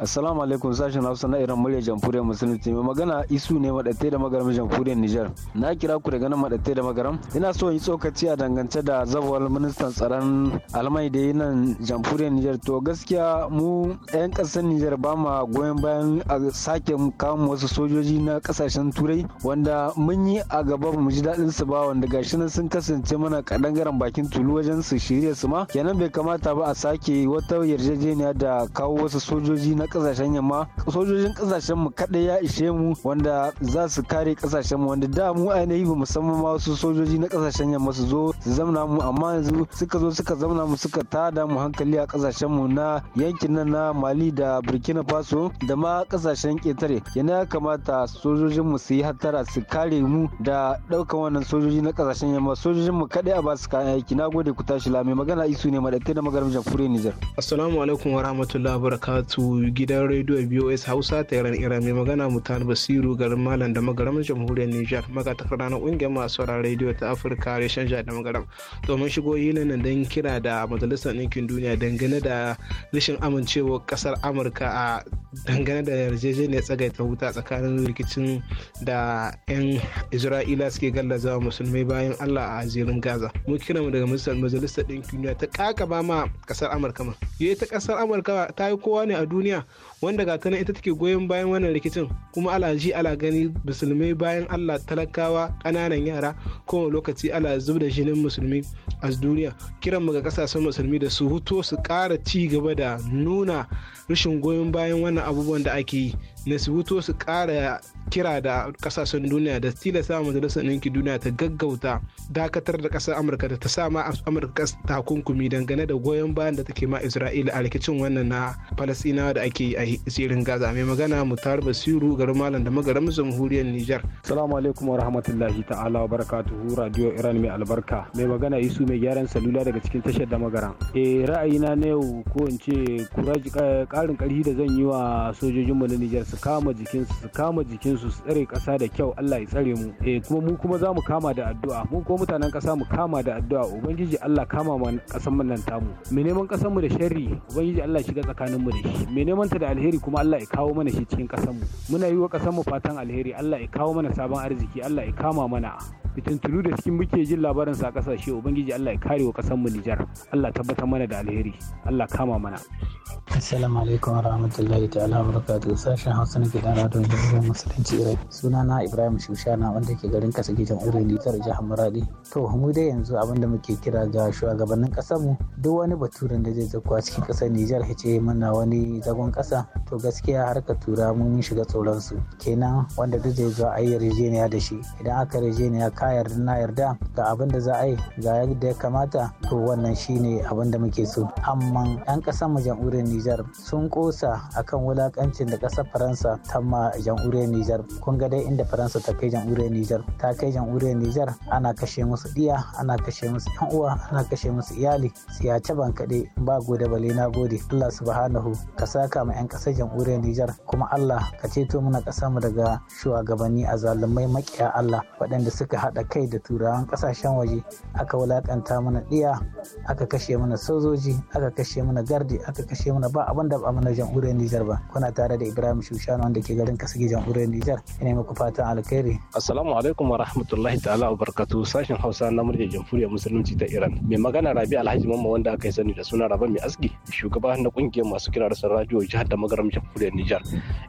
assalamu alaikum sashen hausa na iran murya jamhuriyar musulunci mai magana isu ne maɗatai da magaram jamhuriyar nijar na kira ku daga nan maɗatai da magaram ina so yi tsokaci a dangance da zabuwar ministan tsaron almai da nan jamhuriyar nijar to gaskiya mu 'yan kasar nijar ba ma goyon bayan a sake kama wasu sojoji na kasashen turai wanda mun yi a gaba mu ji daɗin su ba wanda gashi nan sun kasance mana kadangaren bakin tulu wajen su shirya su ma kenan bai kamata ba a sake wata yarjejeniya da kawo wasu sojoji na ƙasashen yamma sojojin kasashen mu kaɗai ya ishe mu wanda za su kare kasashen mu wanda da mu ainihi ba musamman ma wasu sojoji na ƙasashen yamma su zo su zamna mu amma yanzu suka zo suka zama zamana mu suka tada mu hankali a kasashen mu na yankin na mali da burkina faso da ma kasashen ƙetare yana ya kamata sojojin mu su yi hattara su kare mu da ɗaukan wannan sojoji na kasashen yamma sojojin mu kaɗai a ba su kayan aiki na gode ku tashi lami magana isu ne madatai da magaram jamhuriyar nijar assalamu alaikum wa rahmatullahi wa barakatuh gidan rediyo bos hausa ta yaran iran mai magana mutane basiru garin malam da magaram jamhuriyar nijar maka takarda na kungiyar masu rediyo ta afirka reshen jihar da magaram domin shigo yilin nan don kira da majalisar ɗinkin duniya dangane da rashin amincewar ƙasar amurka a dangane da yarjejeniyar tsagaita wuta tsakanin rikicin da 'yan isra'ila suke gallazawa musulmai bayan allah a zirin gaza mu kira mu daga majalisar ɗinkin duniya ta kakaba ma ƙasar amurka ma yi ta ƙasar amurka ta yi kowa ne a duniya wanda ga tana ita take goyon bayan wannan rikicin kuma alaji ala gani musulmai bayan allah talakawa kananan yara kowane lokaci ala zub da jinin musulmi a duniya kiran mu ga kasashen musulmi da su huto su kara ci gaba da nuna rashin goyon bayan wannan abubuwan da ake yi na su huto su ƙara kira da kasashen duniya da tilasta majalisar ɗinkin duniya ta gaggauta dakatar da kasar amurka da ta sa ma amurka takunkumi dangane da goyon bayan da take ma isra'ila a rikicin wannan na falasinawa da ake yi a tsirin gaza mai magana mutar basiru garin malam da magaram jamhuriyar nijar salamu alaikum wa rahmatullahi ta'ala wa barakatuhu radio iran mai albarka mai magana isu mai gyaran salula daga cikin tashar da magaran eh ra'ayina na yau ko in ce kuraji karin karhi da zan yi wa sojojinmu na nijar su kama jikinsu su kama jikinsu kokarin su tsare kasa da kyau Allah ya tsare mu eh kuma mu kuma za mu kama da addu'a mu ko mutanen kasa mu kama da addu'a ubangiji Allah kama mu kasan mu nan tamu me neman kasan mu da sharri ubangiji Allah shiga tsakanin mu da shi me neman ta da alheri kuma Allah ya kawo mana shi cikin kasar mu muna yi wa kasan mu fatan alheri Allah ya kawo mana sabon arziki Allah ya kama mana fitintunu da cikin muke jin labarin sa kasashe ubangiji Allah ya kare wa kasar mu Nijar Allah tabbatar mana da alheri Allah kama mana Assalamu alaikum warahmatullahi ta'ala wabarakatuh sashen Hausa na gidan radio Jamhuriyar Musulunci Suna na Ibrahim Shushana wanda ke garin kasa gidan Ure Nijar jihar Maradi to mu dai yanzu abin da muke kira ga shugabannin kasar mu duk wani baturen da zai zakwa cikin kasar Nijar ce mana wani zagon kasa to gaskiya ka tura mun shiga tsoron su kenan wanda duk zai zo a yi yarjejeniya da shi idan aka yarjejeniya ka yarda na yarda ga abin da za a yi ga yadda ya kamata to wannan shine abin da muke so amma 'yan ƙasar mu jamhuriyar Nijar sun kosa akan wulakancin da ƙasar Faransa ta ma jamhuriyar Nijar kun ga dai inda Faransa ta kai jamhuriyar Nijar ta kai jamhuriyar Nijar ana kashe musu diya ana kashe musu yan uwa ana kashe musu iyali siya ta ban kaɗe ba gode bale na gode Allah subhanahu ka saka ma 'yan ƙasar jamhuriyar Nijar kuma Allah ka ceto mana ƙasar mu daga shugabanni a zalumai makiya Allah waɗanda suka haɗa kai da turawan ƙasashen waje aka wulaƙanta mana ɗiya aka kashe mana sojoji aka kashe mana gardi aka kashe mana ba abin da ba mana jamhuriyar Nijar ba kuna tare da Ibrahim Shushanu wanda ke garin Kasige jamhuriyar Nijar ina muku fatan alkhairi assalamu alaikum wa rahmatullahi ta'ala wa barakatuh sashen Hausa na muryar jamhuriyar musulunci ta Iran mai magana Rabi Alhaji Mamman wanda aka yi sani da suna Rabi mai aski shugaba na kungiyar masu da radio jihar da magaram jamhuriyar Nijar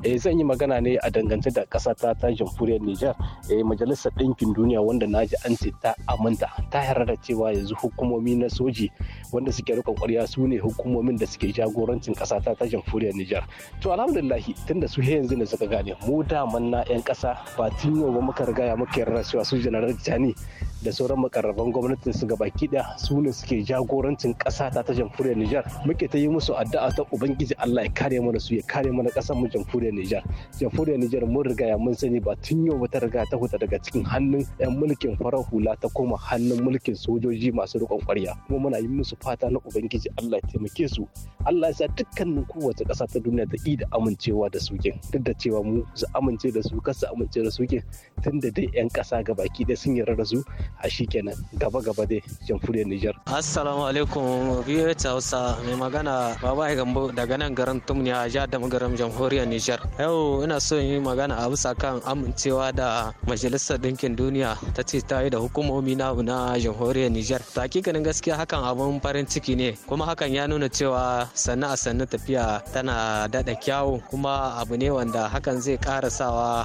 eh zan yi magana ne a dangance da ƙasa ta ta jamhuriyar Nijar eh majalisar ɗinkin duniya wanda na ji an ce ta aminta ta yarda cewa yanzu hukumomi na soji wanda suke rukan kwarya su ne hukumomin da suke jagorancin kasa ta ta jamhuriyar Nijar. To alhamdulillahi tunda su he yanzu ne suka gane mu daman na 'yan kasa ba tun yau ba muka rigaya muka yarda cewa su janar Jani da sauran makarraban gwamnatin su gabaki daya su ne suke jagorancin ƙasa ta ta jamhuriyar Nijar muke ta yi musu addu'a ta ubangiji Allah ya kare mana su ya kare mana ƙasar mu jamhuriyar Nijar jamhuriyar Nijar mun riga ya mun sani ba tun yau ba ta riga ta huta daga cikin hannun yan mulkin farar hula ta koma hannun mulkin sojoji masu riƙon ƙwarya kuma muna yi musu fata na ubangiji Allah ya taimake su Allah ya sa dukkanin kowace ƙasa ta duniya ta da amincewa da su duk da cewa mu su amince da su kasa amince da su da dai yan ƙasa gabaki ɗaya sun yarda da su a shi kenan gaba gaba dai jamhuriyar Nijar. Assalamu alaikum biyu ta Hausa mai magana Baba gambo daga nan garin Tumniya jihar Damgaram jamhuriyar Nijar. Yau ina so yi magana a bisa kan amincewa da majalisar dinkin duniya ta ce ta yi da hukumomi na na jamhuriyar Nijar. Hakikanin gaskiya hakan abun farin ciki ne kuma hakan ya nuna cewa sannu a sannu tafiya tana daɗa kyawu kuma abu ne wanda hakan zai ƙara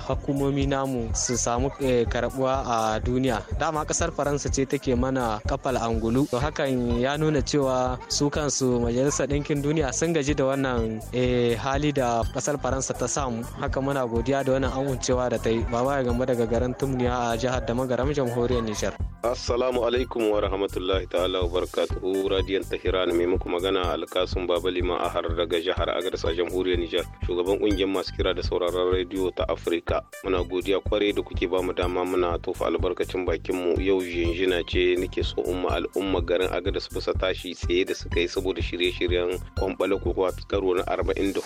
hukumomi namu su samu eh, karɓuwa a duniya. Dama kasar faransa ce take mana kafal angulu to hakan ya nuna cewa su kansu majalisar ɗinkin duniya sun gaji da wannan eh, hali da kasar faransa ta samu haka muna godiya da wannan amincewa da ta yi ba ma gamba daga garin tumniya a jihar da magaram jamhuriyar nijar assalamu alaikum wa rahmatullahi ta'ala wa barakatuhu radiyan tahira mai muku magana alkasun baba a har daga jihar agadas a jamhuriyar nijar shugaban kungiyar masu kira da sauraron rediyo ta afirka muna godiya kwarai da kuke bamu dama muna tofa albarkacin bakinmu yau jinjina ce nake so umma al'umma garin agadas bisa tashi tsaye da suka yi saboda shirye-shiryen kwamɓala kokowa karo na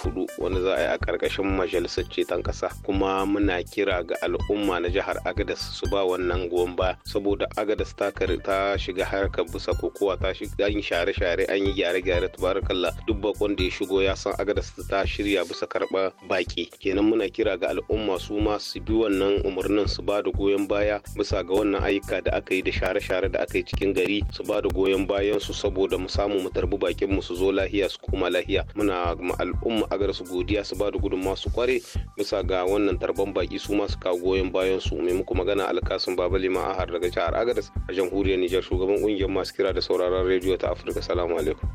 hudu wani za a yi a ƙarƙashin majalisar ceton kasa kuma muna kira ga al'umma na jihar agadas su ba wannan goyon ba saboda agadas ta ta shiga harkar ko kuwa ta shiga an share-share an yi gyare-gyare tabarakallah duk bakon da ya shigo ya san agadas ta shirya bisa karɓa baki kenan muna kira ga al'umma su ma su bi wannan umarnin su ba da goyon baya bisa ga wannan ayyuka da da aka yi da share-share da aka yi cikin gari su ba da goyon bayan su saboda mu samu mu tarbi bakin mu su zo lahiya su koma lahiya muna ma al'umma agar su godiya su ba da gudunmawa su kware bisa ga wannan tarban baki su ma su kawo goyon bayan su mai muku magana alkasun babali ahar daga jihar agadas a jamhuriyar nijar shugaban kungiyar masu kira da sauraron rediyo ta afirka salamu alaikum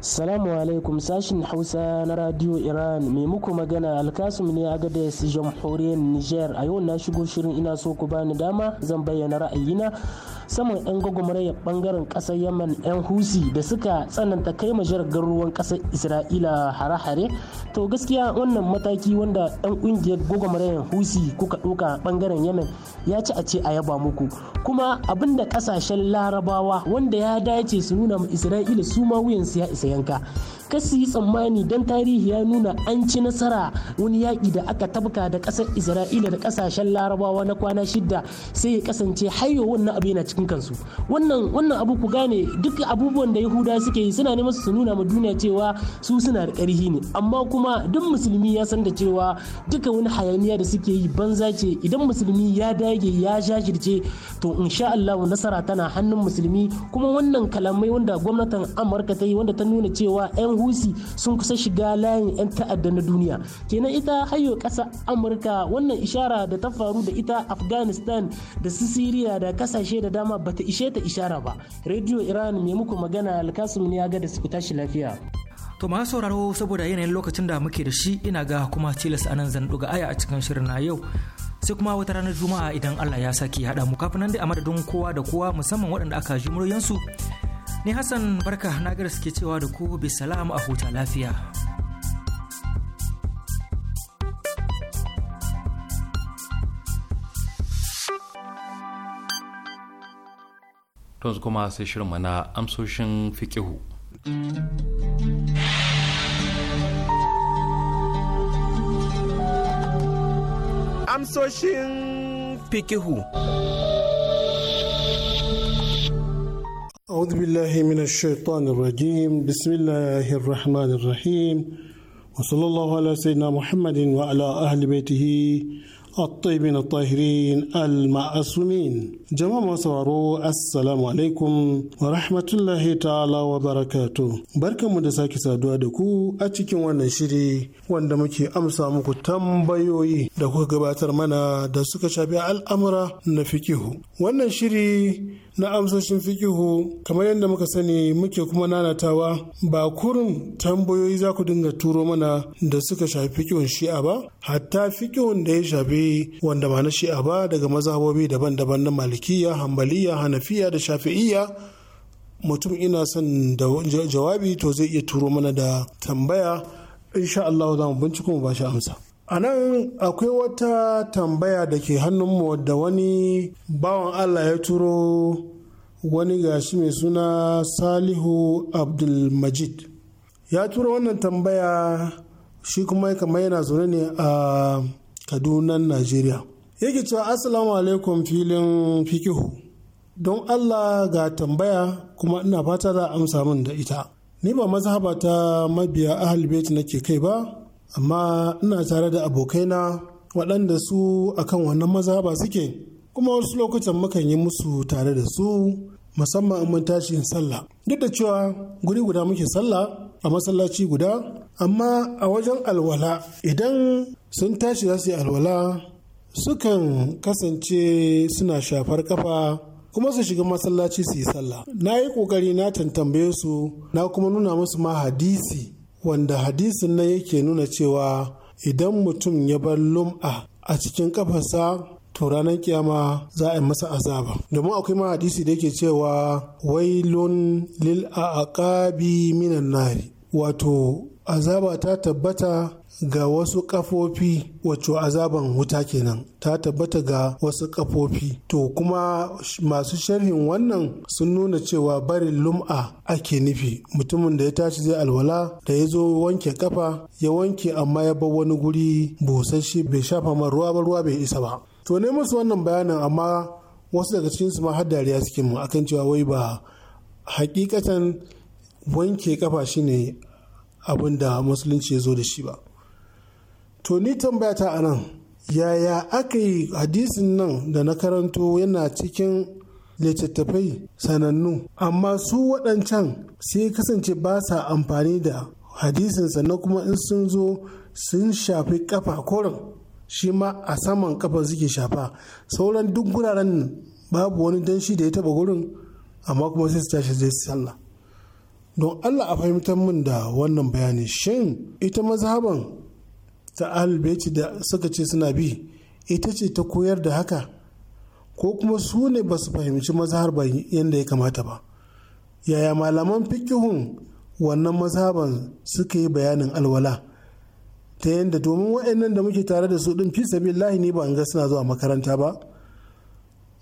Salamu alaikum sashin Hausa na Radio Iran mai muku magana Alkasum ne Agadez jamhuriyar Niger a yau na shigo shirin ina so ku bani dama zan bayyana ra'ayina saman 'yan gwagwarmayar bangaren kasar yaman 'yan husi da suka tsananta kai majaragar ruwan kasar isra'ila hare-hare to gaskiya wannan mataki wanda 'yan kungiyar gwagwarmayar husi kuka ɗauka bangaren yaman ya ci a ce a yaba muku kuma abinda da kasashen larabawa wanda ya dace su nuna isra'ila su ma wuyansu ya isa yanka kasu yi tsammani don tarihi ya nuna an ci nasara wani yaƙi da aka tabka da ƙasar isra'ila da ƙasashen larabawa na kwana shida sai ya kasance hayo wannan abu yana cikin kansu wannan wannan abu ku gane duk abubuwan da yahuda suke yi suna neman su nuna ma duniya cewa su suna da ƙarfi ne amma kuma duk musulmi ya san da cewa duka wani hayaniya da suke yi banza ce idan musulmi ya dage ya jajirce to insha Allah nasara tana hannun musulmi kuma wannan kalamai wanda gwamnatin Amurka ta yi wanda ta nuna cewa 'yan husi sun kusa shiga layin 'yan ta'adda na duniya kenan ita hayo ƙasa amurka wannan ishara da ta faru da ita afghanistan da su syria da kasashe da dama bata ishe ta ishara ba radio iran mai muku magana alkasum ne ya ga da su tashi lafiya To masu sauraro saboda yanayin lokacin da muke da shi ina ga kuma tilas anan zan zanduga aya a cikin shirin na yau sai kuma wata ranar juma'a idan Allah ya saki hada mu kafin nan dai a madadin kowa da kowa musamman waɗanda aka ji muryansu Ni Hassan barka na suke cewa da ku bi salam a huta lafiya. Tunzu kuma sai shirin mana amsoshin fikihu. Amsoshin fikihu. أعوذ بالله من الشيطان الرجيم بسم الله الرحمن الرحيم وصلى الله على سيدنا محمد وعلى أهل بيته الطيبين الطاهرين المعصومين جماعة سوارو السلام عليكم ورحمة الله تعالى وبركاته بركة مدساك سادوا دكو أتكي وانا شري وانا مكي أمسا مكو تنبيوي دكو قباتر منا دسوك شابع الأمر نفكيه وانا شري na amsoshin fikihu kamar yadda muka sani muke kuma nanatawa ba kurin tambayoyi za ku dinga turo mana da suka shafi fikihun shi'a ba hatta fikihun da ya shafi wanda ma na shi'a ba daga mazhabobi daban-daban na malikiya hambaliya hanafiya da shafi'iyya mutum ina son da jawabi to zai iya turo mana da tambaya insha Allah za mu binciko mu ba shi amsa A nan akwai wata tambaya da ke hannunmu da wani bawan Allah ya turo wani gashi mai suna Salihu Abdulmajid. Ya turo wannan tambaya shi kuma kamar yana zaune ne a Kaduna, Najeriya. Yake cewa Assalamu alaikum filin fikihu. Don Allah ga tambaya kuma ina fata da amsa min da ita. Ni ba mazhaba ta mabiya ahal nake kai ba. amma ina tare da abokaina waɗanda su akan wannan maza ba suke kuma wasu lokutan mukan yi musu tare da su musamman mun tashi sallah duk da cewa guri guda muke sallah a masallaci guda amma a wajen alwala idan sun tashi za su yi alwala sukan kasance suna shafar kafa kuma su shiga masallaci su yi sallah na yi kokari na tantambaye su na kuma nuna musu ma hadisi wanda hadisin nan yake nuna cewa idan mutum ya bar lum'a a cikin kafarsa to ranar kiyama za a yi masa azaba domin akwai ma hadisi da yake cewa wailun lil kabi minan nari wato azaba ta tabbata ga wasu kafofi wacce azaban wuta kenan ta tabbata ga wasu kafofi to kuma masu sharhin wannan sun nuna cewa barin lum'a ake nufi mutumin da ya tashi zai alwala da ya zo wanke kafa ya wanke amma ya bar wani guri busasshe bai shafa man ruwa ba ruwa bai isa ba to ne musu wannan bayanin amma wasu daga cikin su ma har dariya suke mu akan cewa wai ba hakikatan wanke kafa shine abin da musulunci ya zo da shi ba to ni tambaya ta anan yaya aka yi hadisin nan da na karanto yana cikin littattafai sanannu amma su waɗancan sai kasance ba sa amfani da hadisin sannan kuma in sun zo sun shafi kafa koren shi ma a saman kafa suke shafa sauran duk guraren babu wani danshi da ya taba gurin amma kuma sai su tashi zai sallah don allah a fahimtar min da wannan bayani shin ita mazhaban ta ahalbeci da suka ce suna bi ita ce ta koyar da haka ko kuma su ne ba su fahimci mazhar ba yadda ya kamata ba yaya malaman fikihun wannan mazhaban suka yi bayanin alwala ta yadda domin waɗannan da muke tare da su din fi sabilillahi ne ba ga suna zuwa makaranta ba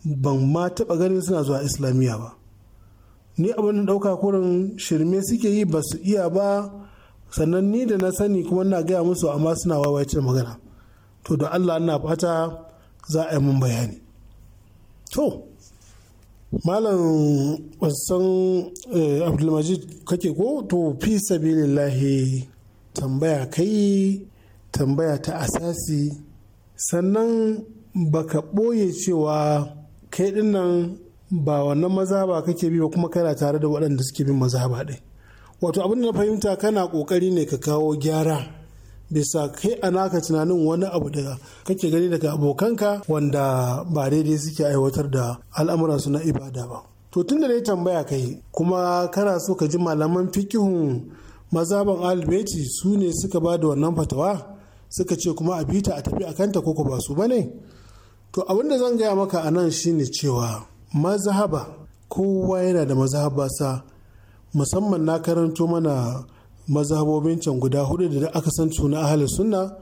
ban ma taɓa ganin suna zuwa islamiyya ba ni abin da ɗauka kurin shirme suke yi ba su iya ba sannan ni da na sani kuma na gaya musu amma suna wawaice magana to da allah na fata za a yi mun bayani to malam wasan eh, abdulmajid kake ko to fi sabilillahi tambaya kai tambaya ta asasi sannan baka ɓoye cewa kai dinnan ba wannan maza ba kake bi ba kuma kana tare da waɗanda suke bin maza ba ɗin wato abin da fahimta kana kokari ne ka kawo gyara bisa kai a naka tunanin wani abu da kake gani daga abokanka wanda ba daidai suke aiwatar da su na ibada ba to tun da dai tambaya kai kuma kana so ka ji malaman fikihun mazaban albeti su ne suka ba da wannan fatawa suka ce kuma a bita a tafi a kanta ko ba su bane to abin da zan gaya maka a nan shine cewa mazhaba kowa yana da mazhabarsa musamman na karanto mana mazhabobin can guda hudu da aka san na ahalin sunna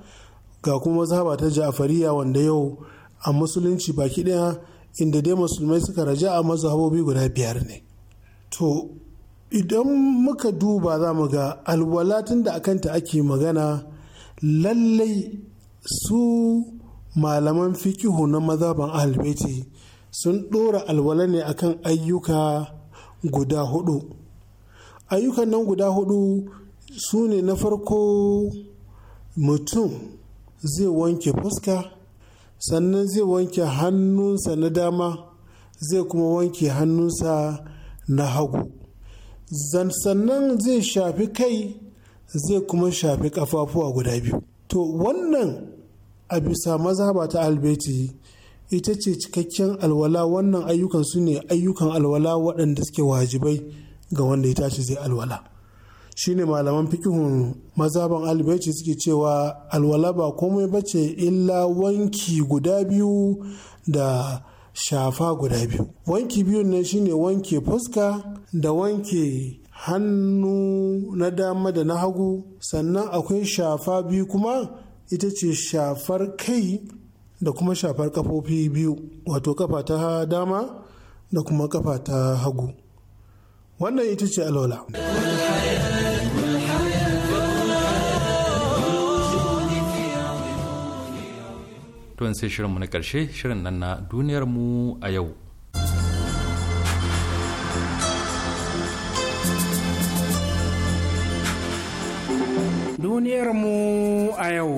ga kuma mazhaba ta ja'fariya wanda yau a musulunci baki daya inda dai musulmai suka raja a mazhabobi guda biyar ne to idan muka duba za mu ga alwalatin da akanta ake magana lallai su malaman fikihu na mazhaban ahalbaiti sun ɗora alwala ne akan ayyuka guda hudu ayyukan nan guda hudu su ne na farko mutum zai wanke fuska sannan zai wanke hannunsa na dama zai kuma wanke hannunsa na hagu sannan zai shafi kai zai kuma shafi kafafuwa guda biyu to wannan a bisa maza ba ta albeti ita ce cikakken alwala wannan ayyukan su ne ayyukan alwala waɗanda suke wajibai ga wanda ya tashi zai alwala shine malaman fikihun mazaban albaici suke cewa alwala ba komai bace illa wanki guda biyu da shafa guda biyu wanki biyun nan shine wanke fuska da wanke hannu na dama da na hagu sannan akwai shafa biyu kuma ita ce shafar kai da kuma shafar kafofi biyu wato kafa ta dama da kuma kafa ta hagu wannan ita ce alwala Tun sai shirinmu na ƙarshe shirin nan na duniyar mu a yau duniyar mu a yau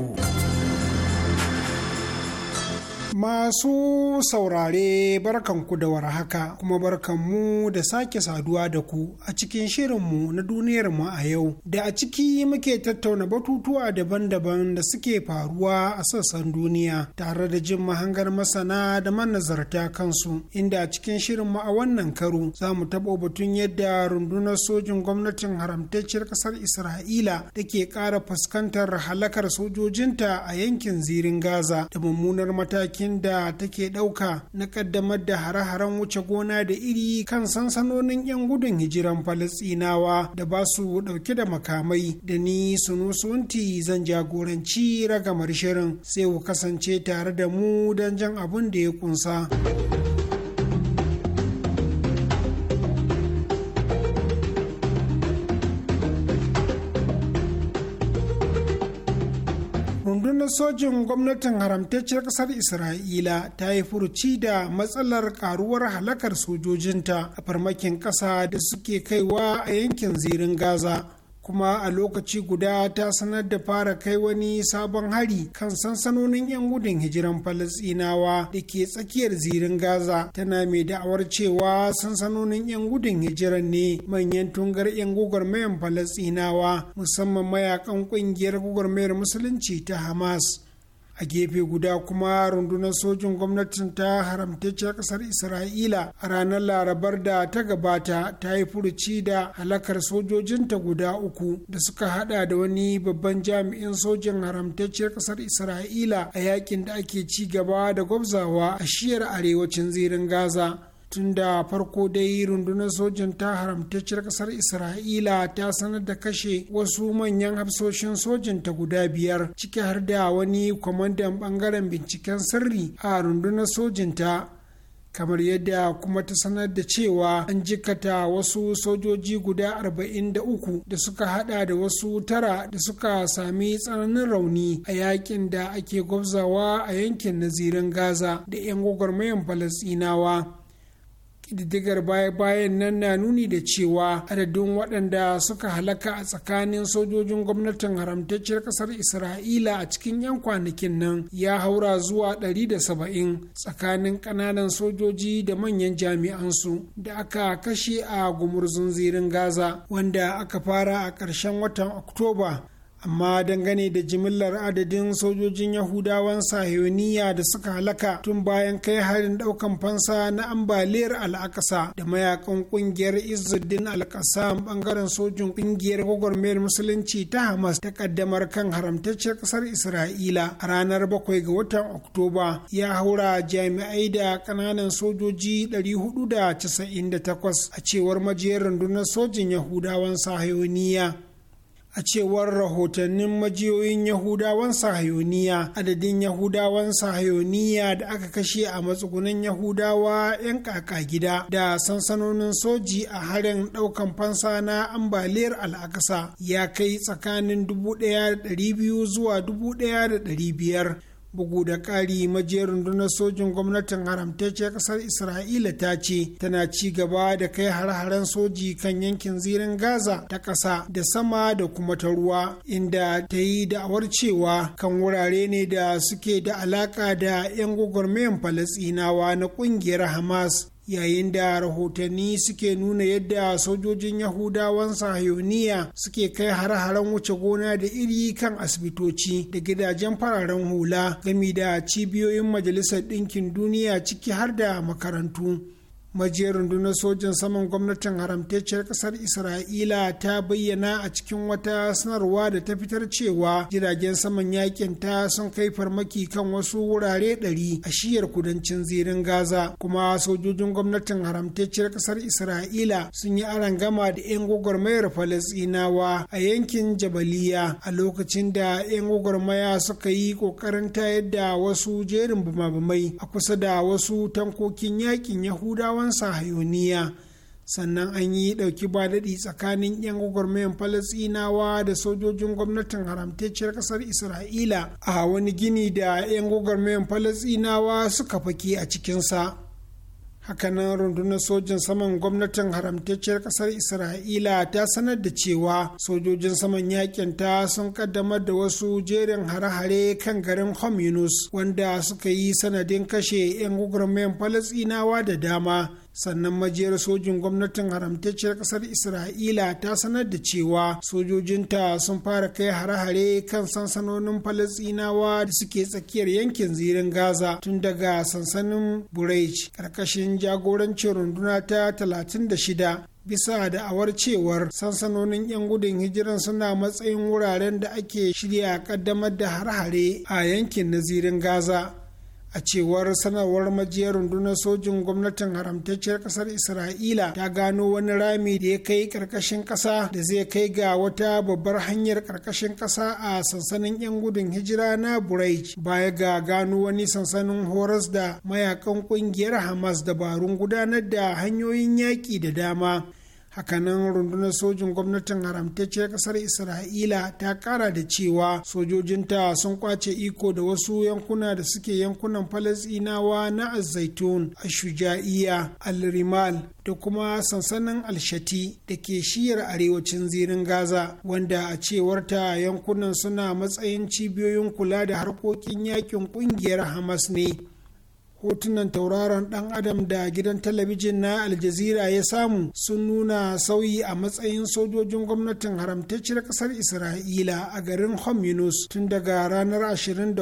Masu saurare barkanku da warhaka kuma barkanmu da sake saduwa da ku a cikin shirinmu na duniyarmu a yau da a ciki muke tattauna batutuwa daban-daban da suke faruwa a sassan duniya tare da jin mahangar masana da manazarta kansu inda a cikin shirinmu a wannan karo za mu taɓo batun yadda rundunar sojin gwamnatin haramtacciyar ƙasar Isra'ila da ke ƙara fuskantar halakar sojojinta a yankin zirin Gaza da mummunar matakin matakin da take ɗauka na ƙaddamar da hare-haren wuce gona da iri kan sansanonin 'yan gudun hijiran Falasɗinawa da ba su ɗauke da makamai da ni sunti zan jagoranci ragamar shirin sai ku kasance tare da mu don jan abin da ya kunsa. rundunar sojin gwamnatin haramtacciyar ƙasar isra'ila ta yi furuci da matsalar karuwar halakar sojojinta a farmakin ƙasa da suke kaiwa a yankin zirin gaza kuma a lokaci guda ta sanar da fara kai wani sabon hari kan sansanonin 'yan gudun hijiran falasinawa da ke tsakiyar zirin gaza tana mai da'awar cewa sansanonin 'yan gudun hijiran ne manyan tungar 'yan gugarmayan falasinawa musamman mayakan kungiyar gugarmayar musulunci ta hamas a gefe guda kuma rundunar sojin gwamnatin ta haramtacciyar kasar isra'ila a ranar larabar da ta gabata ta yi furuci da halakar sojojinta guda uku da suka hada da wani babban jami'in sojin haramtacciyar kasar isra'ila a yakin da ake ci gaba da gwabzawa a shiyar arewacin zirin gaza tun da farko dai rundunar sojan ta haramtacciyar kasar isra'ila ta sanar da kashe wasu manyan hafsoshin sojan ta guda biyar ciki har da wani kwamandan bangaren binciken sirri a rundunar sojan ta kamar yadda kuma ta sanar da cewa an jikata wasu sojoji guda 43 da suka hada da wasu tara da suka sami tsananin rauni a yakin da ake gwabzawa a yankin nazirin gaza da 'yan gwagwarmayan falasinawa diddigar baya-bayan nan na nuni da cewa adadin waɗanda suka halaka a tsakanin sojojin gwamnatin haramtacciyar ƙasar isra'ila a cikin 'yan kwanakin nan ya haura zuwa 170 tsakanin ƙananan sojoji da manyan jami'ansu da aka kashe a gumurzun zirin gaza wanda aka fara a ƙarshen watan oktoba amma dangane da jimillar adadin sojojin yahudawan sahiyoniya da suka halaka tun bayan kai harin daukan fansa na ambaliyar al'akasa da mayakan kungiyar izzuddin qassam bangaren sojin kungiyar gwagwarmayar musulunci ta hamas ta kaddamar kan haramtacciyar kasar isra'ila a ranar 7 ga watan oktoba ya haura jami'ai da kananan sojoji 498 a cewar majiyar rundunar sojin yahudawan sahiyoniya a cewar rahotannin majiyoyin yahudawan sahayoniya adadin yahudawan sahayoniya da aka kashe a matsugunan yahudawa 'yan kaka gida da sansanonin soji a harin daukan fansa na ambaliyar al'akasa ya kai tsakanin 1200 zuwa 1500 bugu da ƙari majerin rundunar sojin gwamnatin haramtacciyar ƙasar isra'ila ta ce tana ci gaba da kai har-haren soji kan yankin zirin gaza ta ƙasa da sama da kuma ta ruwa inda ta yi da'awar cewa kan wurare ne da suke da alaka da 'yan gwagwarmayan falasinawa na ƙungiyar hamas yayin da rahotanni suke nuna yadda sojojin yahudawan sahayoniya suke kai har-haren wuce gona da iri kan asibitoci da gidajen fararen hula gami da cibiyoyin majalisar ɗinkin duniya ciki har da makarantu majiyar rundunar sojan saman gwamnatin haramtacciyar kasar isra'ila ta bayyana a cikin wata sanarwa da ta fitar cewa jiragen saman yakin ta sun kai farmaki kan wasu wurare ɗari a shiyar kudancin zirin gaza kuma sojojin gwamnatin haramtacciyar kasar isra'ila sun yi gama da 'yan gwagwarmayar falasinawa a yankin jabaliya a lokacin da 'yan gwagwarmaya suka yi kokarin tayar da wasu jerin bumabumai a kusa da wasu tankokin yakin yahudawan yahudawan hayoniya sannan an yi ɗauki ba daɗi tsakanin 'yan gwagwarmayan falasinawa da sojojin gwamnatin haramtacciyar ƙasar isra'ila a wani gini da 'yan gwagwarmayan falasinawa suka fake a cikinsa hakanan rundunar sojin saman gwamnatin haramtacciyar kasar isra'ila ta sanar da cewa sojojin saman yakin ta sun kaddamar da wasu jerin hare-hare kan garin Homunus wanda suka yi sanadin kashe 'yan gwagwarmayan falasinawa da dama sannan majiyar sojin gwamnatin haramtacciyar kasar isra'ila ta sanar da cewa sojojinta sun fara kai hare-hare kan sansanonin falasinawa da suke tsakiyar yankin zirin gaza tun daga sansanin burej karkashin jagorancin runduna ta 36 bisa da cewar sansanonin 'yan gudun hijiran suna matsayin wuraren da ake shirya kaddamar da har-hare a yankin nazirin gaza a cewar sanarwar majiyar rundunar sojin gwamnatin haramtacciyar kasar isra'ila ta gano wani rami da ya kai karkashin kasa da zai kai ga wata babbar hanyar karkashin kasa a sansanin yan gudun hijira na buraij baya ga gano wani sansanin horas da mayakan kungiyar hamas dabarun gudanar da hanyoyin yaki da dama hakanan rundunar sojin gwamnatin haramtacce kasar isra'ila ta kara da cewa sojojinta sun kwace iko da wasu yankuna da suke yankunan falasinawa na azzaitun ashuja'iya al-rimal da kuma sansanin alshati da ke shiyar arewacin zirin gaza wanda a cewarta yankunan suna matsayin cibiyoyin kula da harkokin yakin kungiyar hamas ne hotunan tauraron dan adam da gidan talabijin na aljazira ya samu sun nuna sauyi a matsayin sojojin gwamnatin haramtacciyar kasar isra'ila a garin hom yunus tun daga ranar 24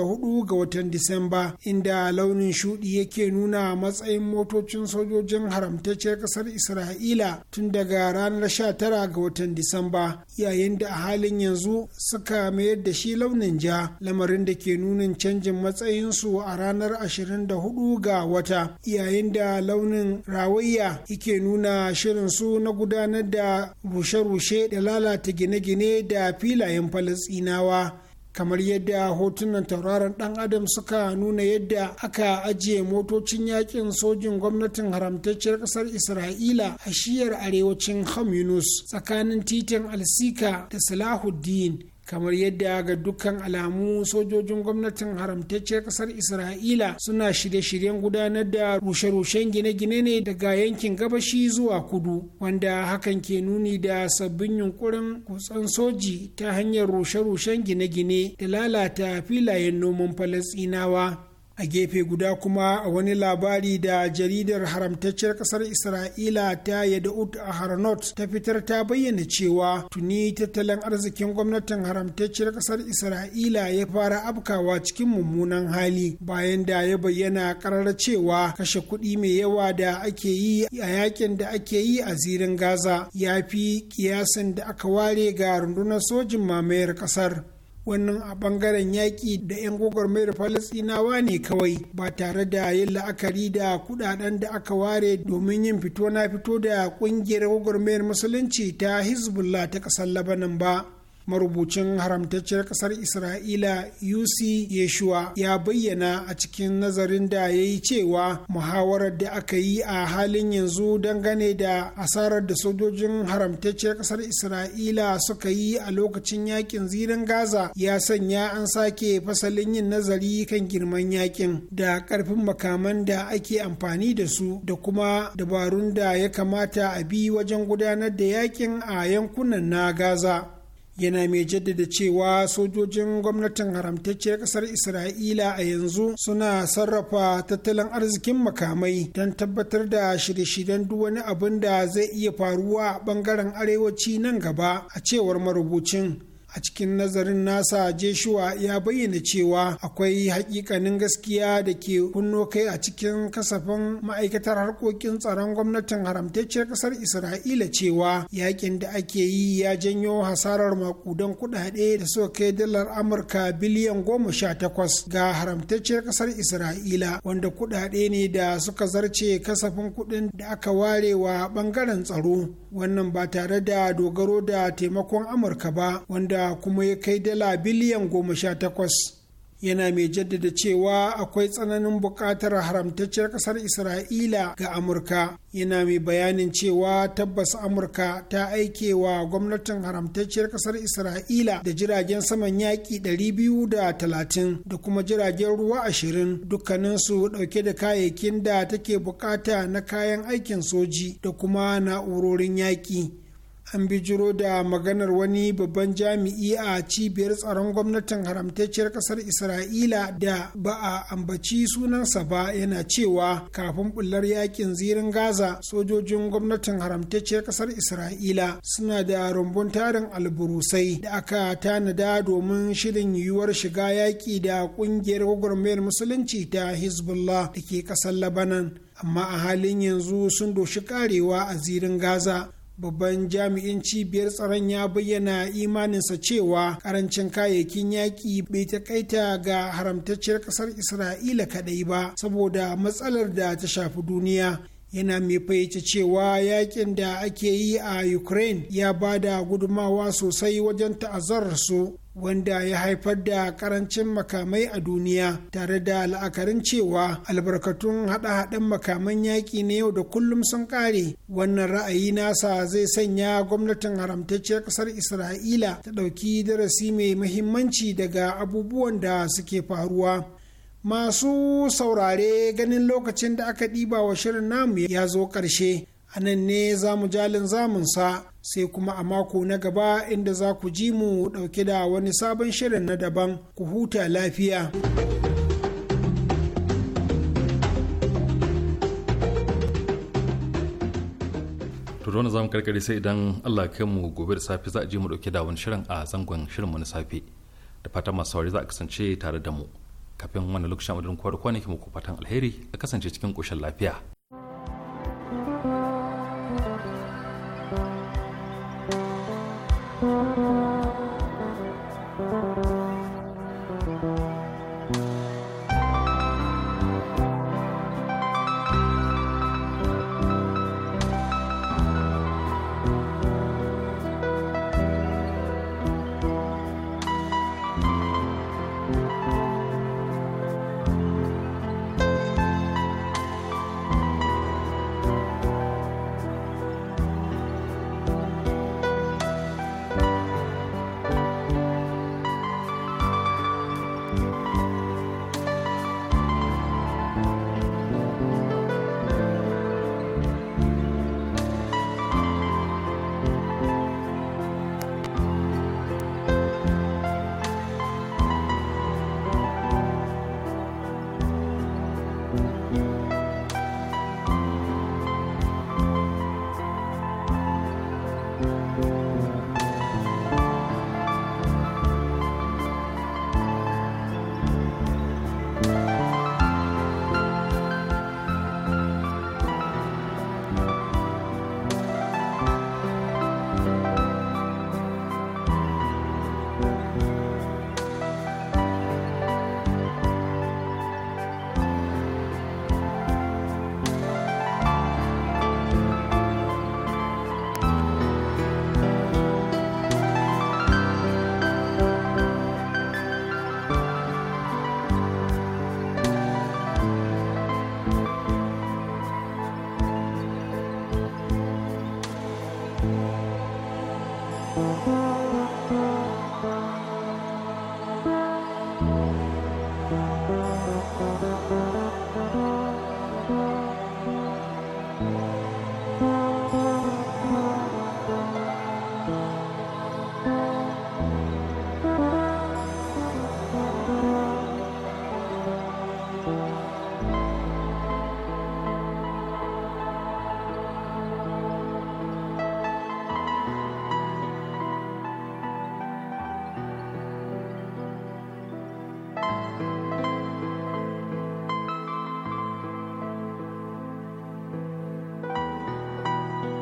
ga watan disamba inda launin shudi yake nuna matsayin motocin sojojin haramtacciyar kasar isra'ila tun daga ranar 19 ga watan disamba yayin da a halin yanzu suka mayar da shi launin ja lamarin da ke nunin canjin matsayinsu a ranar 24 hudu ga wata yayin da launin rawayya yake nuna shirin su na gudanar da rushe-rushe da lalata gine-gine da filayen falasinawa kamar yadda hotunan tauraron dan adam suka nuna yadda aka ajiye motocin yakin sojin gwamnatin haramtacciyar kasar isra'ila a shiyar arewacin ham yunus tsakanin titin alsika da salahuddin kamar yadda ga dukkan alamu sojojin gwamnatin haramtacciyar kasar isra'ila suna shirye-shiryen gudanar da rushe-rushen gine-gine ne daga yankin gabashi zuwa kudu wanda hakan ke nuni da sabbin yunkurin kutsan soji ta hanyar rushe-rushen gine-gine da lalata filayen noman falasinawa a gefe guda kuma a wani labari da jaridar haramtacciyar kasar isra'ila ta yadda'ut a haranot ta fitar ta bayyana cewa tuni tattalin arzikin gwamnatin haramtacciyar kasar isra'ila ya fara afkawa cikin mummunan hali bayan da ya bayyana karar cewa kashe kuɗi mai yawa da ake yi a yakin da ake yi a zirin gaza ya fi kiyasin da aka ware ga rundunar sojin mamayar kasar wannan a ɓangaren yaƙi da 'yan gwagwarmayar falasinawa ne kawai ba tare da yin la'akari da kudaden da aka ware domin yin fito na fito da ƙungiyar gwagwarmayar musulunci ta hezbollah ta ƙasar labanan ba marubucin haramtacciyar ƙasar isra'ila UC yeshua ya bayyana a cikin nazarin da ya yi cewa muhawarar da aka yi a halin yanzu dangane da asarar da sojojin haramtacciyar ƙasar isra'ila suka yi a lokacin yakin zirin gaza ya sanya an sake fasalin yin nazari kan girman yakin da karfin makaman da ake amfani da su da kuma dabarun da ya kamata a bi wajen gudanar da yakin a yankunan na gaza yana mai jaddada cewa sojojin gwamnatin haramtacciyar ƙasar isra'ila a yanzu suna sarrafa tattalin arzikin makamai don tabbatar da shirye-shiryen duk wani abin da zai iya faruwa a bangaren arewaci nan gaba a cewar marubucin a cikin nazarin nasa Jeshua ya bayyana cewa akwai hakikanin gaskiya da ke kunno kai a cikin kasafin ma'aikatar harkokin tsaron gwamnatin haramtacciyar kasar isra'ila cewa yakin da ake yi ya janyo hasarar makudan kudade da suka kai dalar amurka biliyan goma sha takwas ga haramtacciyar kasar isra'ila wanda kudade ne da suka zarce kasafin kudin da aka ware wa bangaren tsaro wannan ba tare da dogaro da taimakon amurka ba wanda kuma ya kai dala biliyan goma sha takwas yana mai jaddada cewa akwai tsananin buƙatar haramtacciyar ƙasar isra'ila ga amurka yana mai bayanin cewa tabbas amurka ta aike wa gwamnatin haramtacciyar ƙasar isra'ila da jiragen saman yaƙi 230 da kuma jiragen ruwa 20 dukkaninsu ɗauke da kayayyakin da take buƙata na kayan aikin soji da kuma na'urorin yaƙi an bijiro da maganar wani babban jami'i a cibiyar tsaron gwamnatin haramtacciyar kasar isra'ila da ba a ambaci sunansa ba yana cewa kafin bullar yakin zirin gaza sojojin gwamnatin haramtacciyar kasar isra'ila suna da rumbun tarin alburusai da aka tanada domin shirin yiwuwar shiga yaƙi da ƙungiyar gwagwarmayar musulunci ta hezbollah da ke ƙasar labanan amma a halin yanzu sun doshi karewa a zirin gaza babban jami'in cibiyar tsaron ya bayyana imaninsa cewa karancin kayayyakin yaƙi bai takaita ga haramtacciyar ƙasar isra'ila kaɗai ba saboda matsalar da ta shafi duniya yana mai fahimci cewa yakin da ake yi a ukraine ya ba da gudumawa sosai wajen ta'azzar su wanda ya haifar da karancin makamai a duniya tare da la'akarin cewa albarkatun haɗa haɗen makaman yaƙi na yau da kullum sun ƙare wannan ra'ayi nasa zai sanya gwamnatin haramtacciyar ƙasar isra'ila ta ɗauki darasi mai muhimmanci daga abubuwan da suke faruwa masu saurare ganin lokacin da aka ɗiba wa shirin namu ya zo ƙarshe a nan ne za mu jalin zamunsa sai kuma a mako na gaba inda za ku ji mu ɗauke da wani sabon shirin na daban ku huta lafiya. Turona za mu karkare sai idan Allah kai mu gobe da safe za a je mu ɗauke da wani shirin a zangon shirin na safe da fatan masu saurari za a kasance tare da mu kafin wani lokacin a kwarkwa ne ke muku fatan alheri a kasance cikin koshin lafiya.